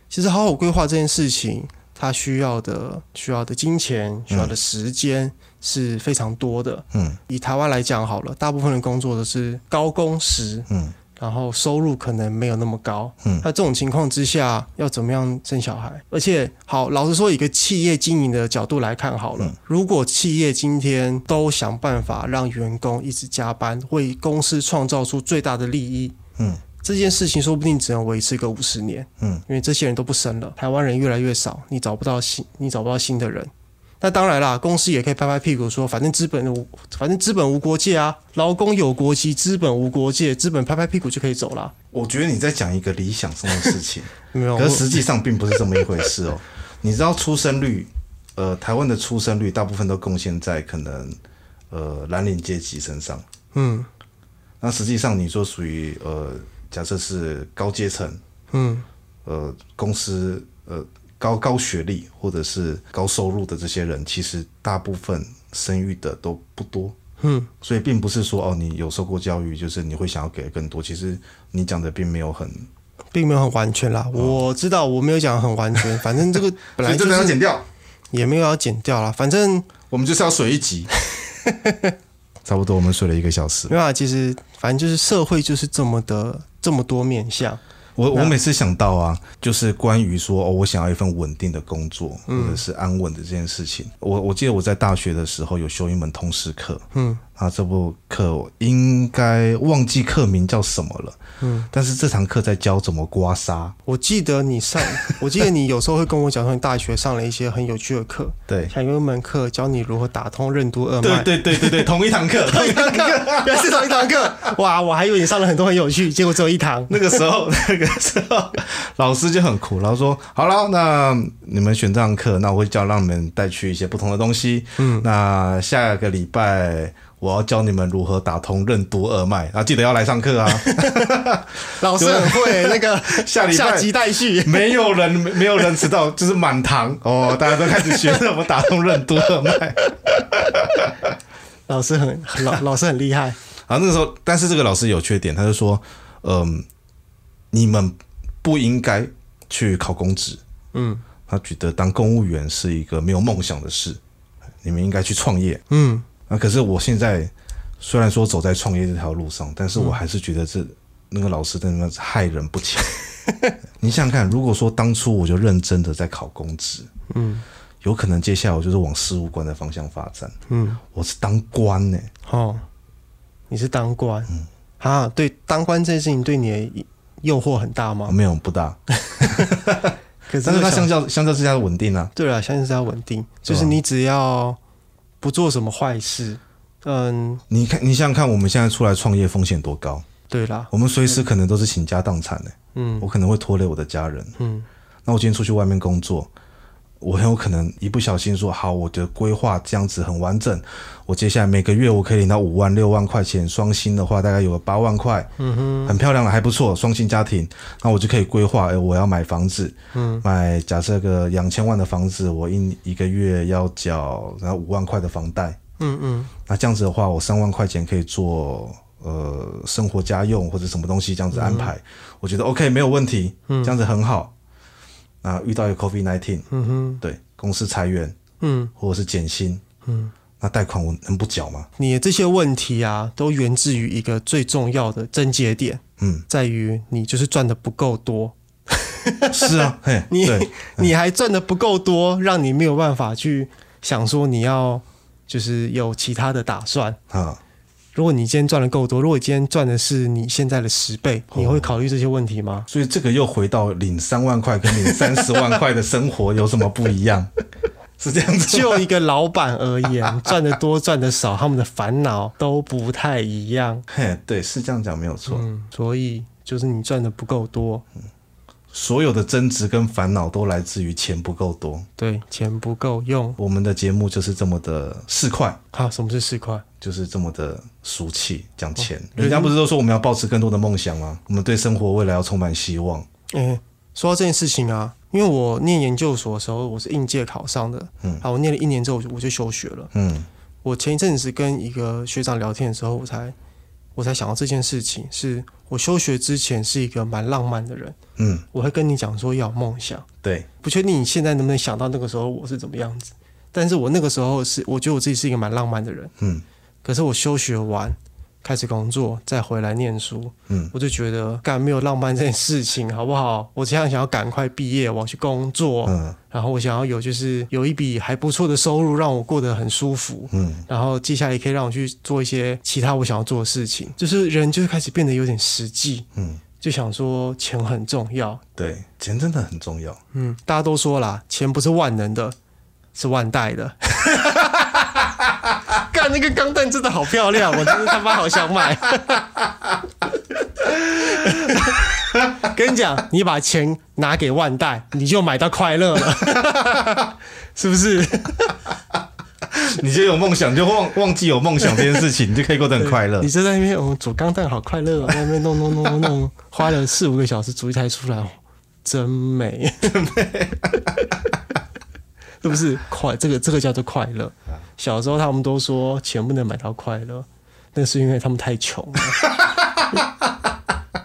其實好好規劃這件事情，他需要的需要的金錢，需要的時間。嗯是非常多的。嗯，以台灣來講好了，大部分的工作都是高工時，嗯，然後收入可能沒有那麼高。嗯，那這種情況之下，要怎麼樣生小孩？而且，好，老實說，以一個企業經營的角度來看好了，嗯，如果企業今天都想辦法讓員工一直加班，為公司創造出最大的利益，嗯，這件事情說不定只能維持個五十年。嗯，因為這些人都不生了，台灣人越來越少，你找不到新，你找不到新的人。那當然啦，公司也可以拍拍屁股說，反正資本無，反正資本無國界啊，勞工有國籍，資本無國界，資本拍拍屁股就可以走啦啊。我覺得你在講一個理想中的事情， 沒有，可實際上並不是這麼一回事哦喔。 你知道出生率，呃，台灣的出生率大部分都貢獻在可能，呃，藍領階級身上。嗯，那實際上你說屬於呃，假設是高階層，嗯，呃，公司，呃。高高學歷或者是高收入的這些人，其實大部分生育的都不多。嗯，所以並不是說哦，你有受過教育就是你會想要給更多。其實你講的並沒有很，並沒有很完全啦。我知道我沒有講很完全，哦、 反正這個本來就沒有要剪掉，也沒有要剪掉啦。反正我們就是要水一集， 差不多我們水了一個小時。沒有啊，其實反正就是社會就是這麼的這麼多面向。我我每次想到啊，就是關於說，哦，我想要一份穩定的工作，嗯，或者是安穩的這件事情。我我記得我在大學的時候有修一門通識課。嗯啊，這部課我應該忘記課名叫什麼了。嗯，但是這堂課在教怎麼刮痧。我記得你上， 我記得你有時候會跟我講說，你大學上了一些很有趣的課。對，像有一門課教你如何打通任督二脈。對對對對，同一堂課，同一堂課，原來 是同一堂課。哇，我還以為你上了很多很有趣，結果只有一堂。那個時候，那個時候 老師就很苦，然後說：“好了，那你們選這堂課，那我會叫讓你們帶去一些不同的東西。”嗯，那下個禮拜。我要教你們如何打通任督二脈啊！記得要來上課啊！ 老師很會、欸、那個下禮拜，沒有人沒有人遲到，就是滿堂哦，大家都開始學著我們，打通任督二脈。老師很老，老師很厲害啊！那個時候，但是這個老師有缺點，他就說：“嗯、呃，你們不應該去考公職，嗯，他覺得當公務員是一個沒有夢想的事，你們應該去創業，嗯。”啊！可是我現在雖然說走在創業這條路上，但是我還是覺得這、嗯、那個老師真的害人不淺。 你想想看，如果說當初我就認真的在考公職，嗯，有可能接下來我就是往事務官的方向發展，嗯，我是當官呢、欸。哦，你是當官？啊、嗯，對，當官這件事情對你的誘惑很大嗎、啊？沒有，不大。 可是，是它相較相較之下穩定啊。對啊，相較之下穩定、啊、定，就是你只要。不做什麼壞事，嗯，你看，你想想看我們現在出來創業風險多高？對啦，我們隨時可能都是傾家蕩產哎，嗯，我可能會拖累我的家人，嗯，那我今天出去外面工作。我很有可能一不小心說好，我的規劃這樣子很完整。我接下來每個月我可以領到五萬六萬塊錢，雙薪的話大概有個八萬塊，嗯哼，很漂亮了，還不錯。雙薪家庭，那我就可以規劃，哎、欸，我要買房子，嗯，買假設個兩千萬的房子，我一一個月要繳，然後五萬塊的房貸，嗯嗯，那這樣子的話，我三萬塊錢可以做呃生活家用或者什麼東西這樣子安排，嗯、我覺得 OK 沒有問題，嗯，這樣子很好。嗯嗯啊，遇到有 COVID nineteen，嗯哼，對，公司裁員，嗯，或者是減薪，嗯，那貸款我能不繳嗎？你的這些問題啊，都源自於一個最重要的症結點，嗯，在於你就是賺的不夠多， 是啊，嘿，你，對，你還賺的不夠多，讓你沒有辦法去想說你要就是有其他的打算啊。嗯如果你今天賺的夠多，如果你今天賺的是你現在的十倍，你會考慮這些問題嗎、哦？所以這個又回到領三萬塊跟領三十萬塊的生活有什麼不一樣？ 是這樣子。就一個老板而言，賺的多賺的少， 他們的煩惱都不太一樣。嘿，對，是這樣講沒有錯、嗯。所以就是你賺的不夠多。所有的爭執跟煩惱都來自於錢不夠多，對，錢不夠用。我們的節目就是這麼的市儈，好、啊，什麼是市儈？就是這麼的俗氣，講錢、哦。人家不是都說我們要保持更多的夢想嗎？我們對生活未來要充滿希望。嗯、欸、說到這件事情啊，因為我念研究所的時候，我是應屆考上的。嗯，好，我念了一年之後，我就我就休學了。嗯，我前一陣子跟一個學長聊天的時候，我才。我才想到這件事情，是我休學之前是一個蠻浪漫的人，嗯，我會跟你講說要有夢想，對，不確定你現在能不能想到那個時候我是怎麼樣子，但是我那個時候是我覺得我自己是一個蠻浪漫的人，嗯，可是我休學完。開始工作，再回來念書。嗯，我就覺得幹沒有浪漫這件事情，好不好？我只想想要趕快畢業，往去工作。嗯，然後我想要有就是有一筆還不錯的收入，讓我過得很舒服。嗯，然後接下來可以讓我去做一些其他我想要做的事情。就是人就是開始變得有點實際。嗯，就想說錢很重要。對，錢真的很重要。嗯，大家都說啦，錢不是萬能的，是萬代的。 啊，那個鋼彈真的好漂亮，我真的他媽好想買。 跟你講，你把錢拿給萬代，你就買到快樂了， 是不是？你就有夢想，就忘忘記有夢想這件事情，你就可以過得很快樂。你就在那邊我們煮鋼彈，好快樂啊！在那邊弄弄弄弄弄弄，花了四五個小時煮一台出來，真美， 真美 是不是？快，這個這個叫做快樂。小時候他們都說錢不能買到快樂，那是因為他們太窮了。 對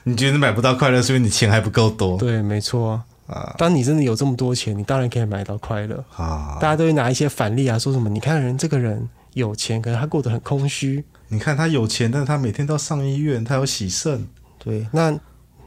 你覺得買不到快樂，是因為你錢還不夠多？對，沒錯啊。當你真的有這麼多錢，你當然可以買到快樂啊。大家都會拿一些反例啊，說什麼？你看人這個人有錢，可能他過得很空虛。你看他有錢，但是他每天都上醫院，他要洗腎。對，那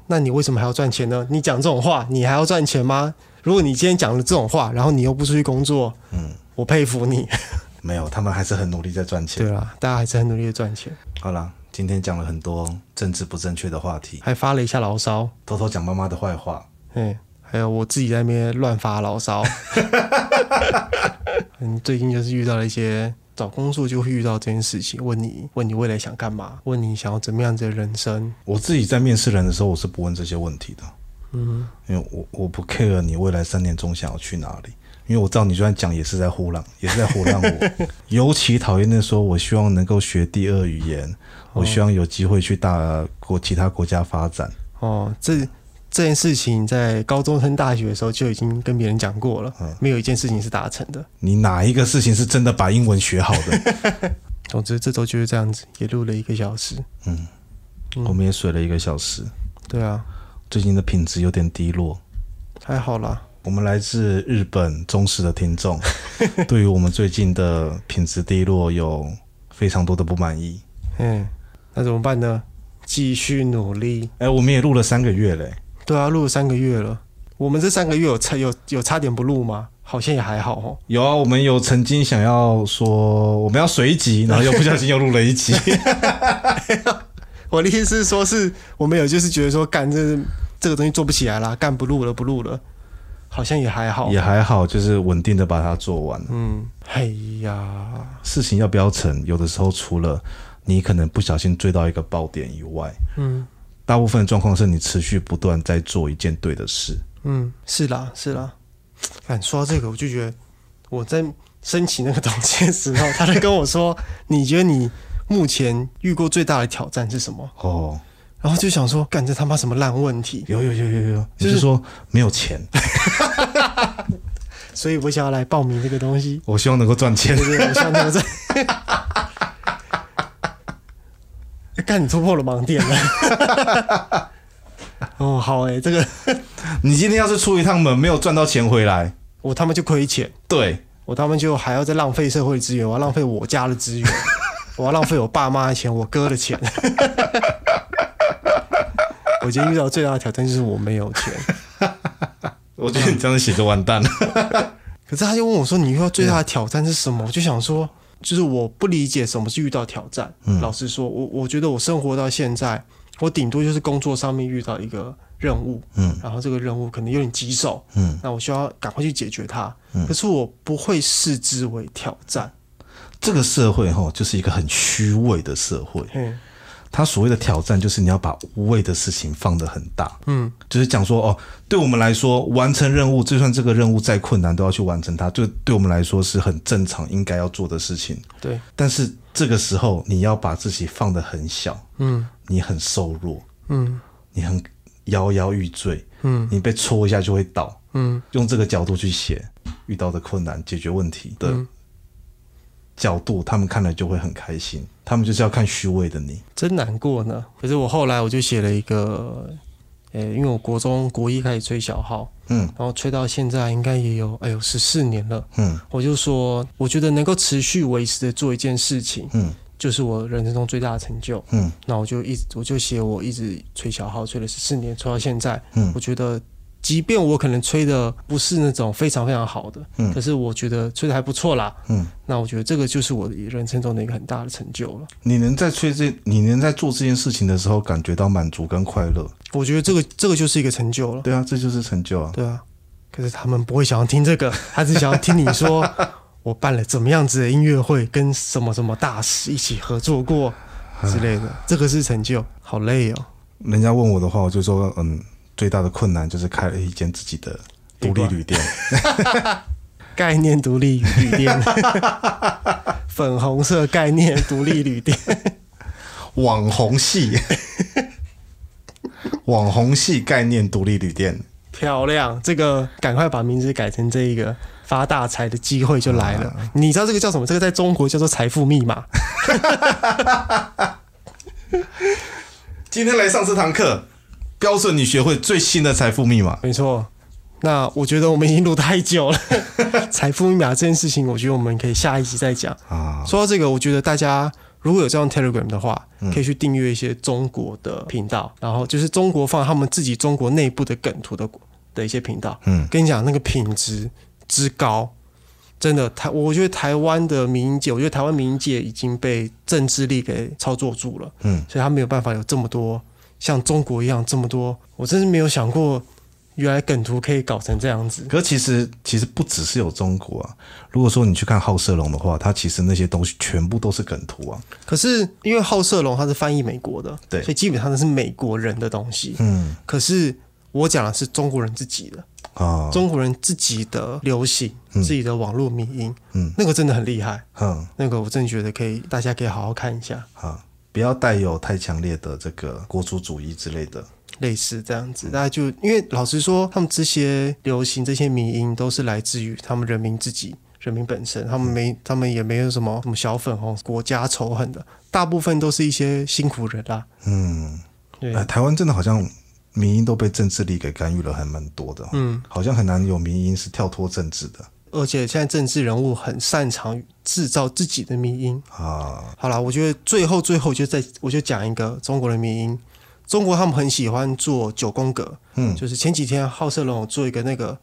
那你為什麼還要賺錢呢？你講這種話，你還要賺錢嗎？如果你今天講了這種話，然後你又不出去工作，嗯。我佩服你， 沒有，他們還是很努力在賺錢。對啊，大家還是很努力的賺錢。好啦，今天講了很多政治不正確的話題，還發了一下牢騷，偷偷講媽媽的壞話。嗯，還有我自己在那邊亂發牢騷。你嗯，最近就是遇到了一些找工作就會遇到這件事情，問你問你未來想幹嘛，問你想要怎麼樣子的人生。我自己在面試人的時候，我是不問這些問題的。嗯，因為我我不 care 你未來三年中想要去哪裡。因為我照你這樣講，也是在唬爛，也是在唬爛。我 尤其討厭的說，我希望能夠學第二語言，哦、我希望有機會去大國、其他國家發展。哦，這這件事情在高中升大學的時候就已經跟別人講過了、哦，沒有一件事情是達成的。你哪一個事情是真的把英文學好的？ 總之，這週就是這樣子，也錄了一個小時。嗯，嗯我們也水了一個小時。對啊，最近的品質有點低落。太好了。我們來自日本忠實的聽眾，對於我們最近的品質低落有非常多的不滿意。嗯， 那怎麼辦呢？繼續努力。哎、欸，我們也錄了三個月嘞、欸。對啊，錄了三個月了。我們這三個月有差有有差點不錄嗎？好像也還好哦。有啊，我們有曾經想要說我們要水一集，然後又不小心又錄了一集。 我的意思是說是我們有就是覺得說，幹這這個東西做不起來啦，幹，不錄了不錄了。好像也還好，也還好，就是穩定的把它做完。嗯，哎呀，事情要不要成，有的時候除了你可能不小心追到一個爆點以外，嗯，大部分狀況是你持續不斷在做一件對的事。嗯，是啦，是啦。哎，說到這個，我就覺得我在申請那個東西的時候，他在跟我說，你覺得你目前遇過最大的挑戰是什麼？哦。然後就想說，幹這他媽什麼爛問題？有有有有有，就是、就是、說沒有錢， 所以我想要來報名這個東西。我希望能夠賺錢。對對，我希望能夠賺 幹。幹，你突破了盲點了。 哦，好哎、欸，這個 你今天要是出一趟門沒有賺到錢回來，我他媽就虧錢。對，我他媽就還要再浪費社會資源，我要浪費我家的資源， 我要浪費我爸媽的錢，我哥的錢。 我今天遇到最大的挑戰就是我沒有錢。 我覺得你這樣寫就完蛋了。 可是他又問我說：“你遇到最大的挑戰是什麼？” yeah. 我就想說，就是我不理解什麼是遇到挑戰。嗯、老實說，我我覺得我生活到現在，我頂多就是工作上面遇到一個任務，嗯，然後這個任務可能有點棘手，嗯，那我需要趕快去解決它、嗯，可是我不會視之為挑戰。嗯、這個社會哈，就是一個很虛偽的社會，嗯。他所謂的挑戰就是你要把無謂的事情放得很大，嗯，就是講說哦，對我們來說完成任務，就算這個任務再困難，都要去完成它，就對我們來說是很正常應該要做的事情。對。但是這個時候你要把自己放得很小，嗯，你很瘦弱，嗯，你很搖搖欲墜，嗯，你被戳一下就會倒，嗯，用這個角度去寫遇到的困難、解決問題的。嗯角度，他們看了就會很開心。他們就是要看虛偽的你，真難過呢。可是我後來我就寫了一個，呃、欸，因為我國中國一開始吹小號，嗯，然後吹到現在應該也有哎呦十四年了，嗯，我就說，我覺得能夠持續維持的做一件事情，嗯，就是我人生中最大的成就，嗯，那我就一直我就寫，我一直吹小號，吹了十四年，吹到現在，嗯，我覺得。即便我可能吹的不是那種非常非常好的，嗯，可是我覺得吹的還不錯啦，嗯，那我覺得這個就是我的人生中的一個很大的成就了。你能在吹這，你能在做這件事情的時候感覺到滿足跟快樂，我覺得這個這個就是一個成就了。對啊，這就是成就啊。對啊，可是他們不會想要聽這個，還是想要聽你說 我辦了怎麼樣子的音樂會，跟什麼什麼大師一起合作過之類的，這個是成就。好累哦。人家問我的話，我就說嗯。最大的困難就是開了一間自己的獨立旅店， 概念獨立旅店 粉紅色概念獨立旅店，網紅係， 網紅係概念獨立旅店，漂亮，這個趕快把名字改成這個，發大財的機會就來了，啊。你知道這個叫什麼？這個在中國叫做財富密碼。 今天來上這堂課。標準，你學會最新的財富密碼？沒錯，那我覺得我們已經錄太久了。 財富密碼這件事情，我覺得我們可以下一集再講啊。好好好，說到這個，我覺得大家如果有在用 Telegram 的話，可以去訂閱一些中國的頻道，嗯、然後就是中國放他們自己中國內部的梗圖的的一些頻道。嗯，跟你講那個品質之高，真的台，我覺得台灣的民營界，我覺得台灣民營界已經被政治力給操作住了。嗯，所以他沒有辦法有這麼多。像中國一樣這麼多，我真是沒有想過，原來梗圖可以搞成這樣子。可是其實其實不只是有中國啊，如果說你去看好色龍的話，它其實那些東西全部都是梗圖啊。可是因為好色龍它是翻譯美國的，對，所以基本上都是美國人的東西。嗯。可是我講的是中國人自己的啊、嗯，中國人自己的流行，嗯、自己的網絡迷因，嗯，那個真的很厲害，嗯，那個我真的覺得可以，大家可以好好看一下，嗯不要帶有太強烈的這個國族主，主義之類的，類似這樣子。嗯、大家就因為老實說，他們這些流行這些民音都是來自於他們人民自己，人民本身，他們沒，嗯、他們也沒有什麼什麼小粉紅國家仇恨的，大部分都是一些辛苦人啊。嗯，對，欸、台灣真的好像民音都被政治力給干預了，還蠻多的。嗯，好像很難有民音是跳脫政治的。而且現在政治人物很擅長製造自己的迷因。啊！好了，我覺得最後最後就再我就講一個中國的迷因。中國他們很喜歡做九宮格，嗯，就是前幾天好色龍做一個那個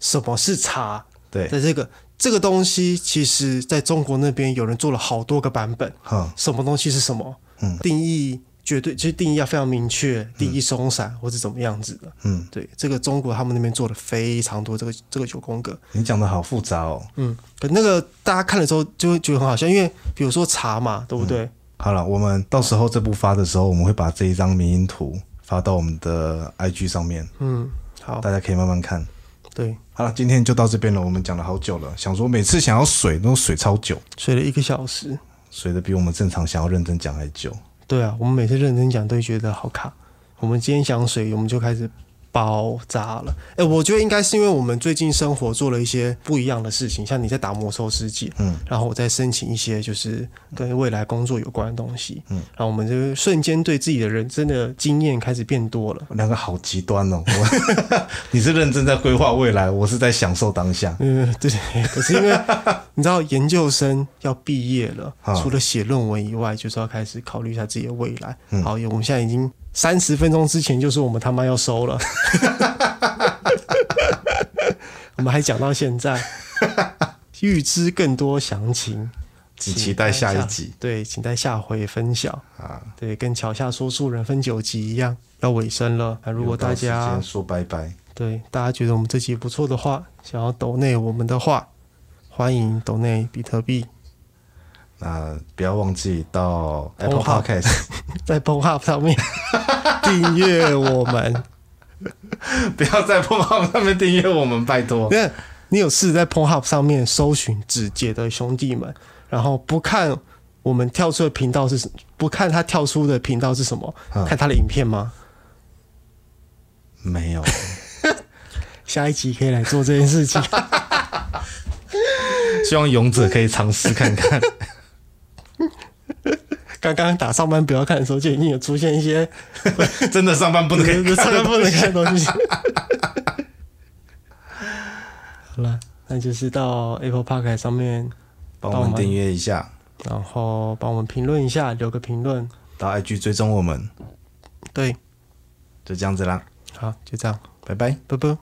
什麼是茶？對，在這個這個東西，其實在中國那邊有人做了好多個版本，哈、啊，什麼東西是什麼？嗯，定義。絕對，其、就、實、是、定義要非常明確，第一鬆散、嗯、或是怎麼樣子的。嗯，對，這個中國他們那邊做了非常多，這個這個九宮格。你講的好複雜哦。嗯，可那個大家看的時候就會覺得很好笑，因為比如說茶嘛，對不對？嗯、好了，我們到時候這部發的時候，我們會把這一張迷因圖發到我們的 IG 上面。嗯，好，大家可以慢慢看。對，好了，今天就到這邊了。我們講了好久了，想說每次想要水，那種水超久，水了一個小時，水的比我們正常想要認真講還久。對啊，我們每次認真講都覺得好卡。我們今天講水，我們就開始。包紮了，哎、欸，我覺得應該是因為我們最近生活做了一些不一樣的事情，像你在打魔獸世界，嗯，然後我在申請一些就是跟未來工作有關的東西，嗯，然後我們就瞬間對自己的人生的經驗開始變多了。兩個好極端哦， 你是認真在規劃未來，我是在享受當下。嗯，對，可是因為你知道研究生要畢業了，除了寫論文以外，就是要開始考慮一下自己的未來。嗯、好，我們現在已經。三十分鐘之前就是我們他媽要收了 我們還講到現在，預知更多詳情，請期待下一集。對，請待下回分曉。啊，對，跟橋下說書人分九集一樣，要尾聲了拜拜。那如果大家說拜拜，對大家覺得我們這集不錯的話，想要抖內我們的話，歡迎抖內比特幣。呃，不要忘記到 Apple Podcast， 在 Pornhub 上面訂 閱我們。不要在 Pornhub 上面訂閱我們，拜託。你有試着在 Pornhub 上面搜尋“指節”的兄弟們，然後不看我們跳出的頻道是不看他跳出的頻道是什麼？看他的影片嗎？沒有。 下一集可以來做這件事情。 希望勇者可以嘗試看看。 剛剛打上班不要看的時候就已經有出現一些 真的上班不能看，上班不能看的東西 。 好了，那就是到 Apple Park 上面幫我們訂閱一下，然後幫我們評論一下，留個評論到 IG 追蹤我們。對，就這樣子啦。好，就這樣，拜拜，啵啵。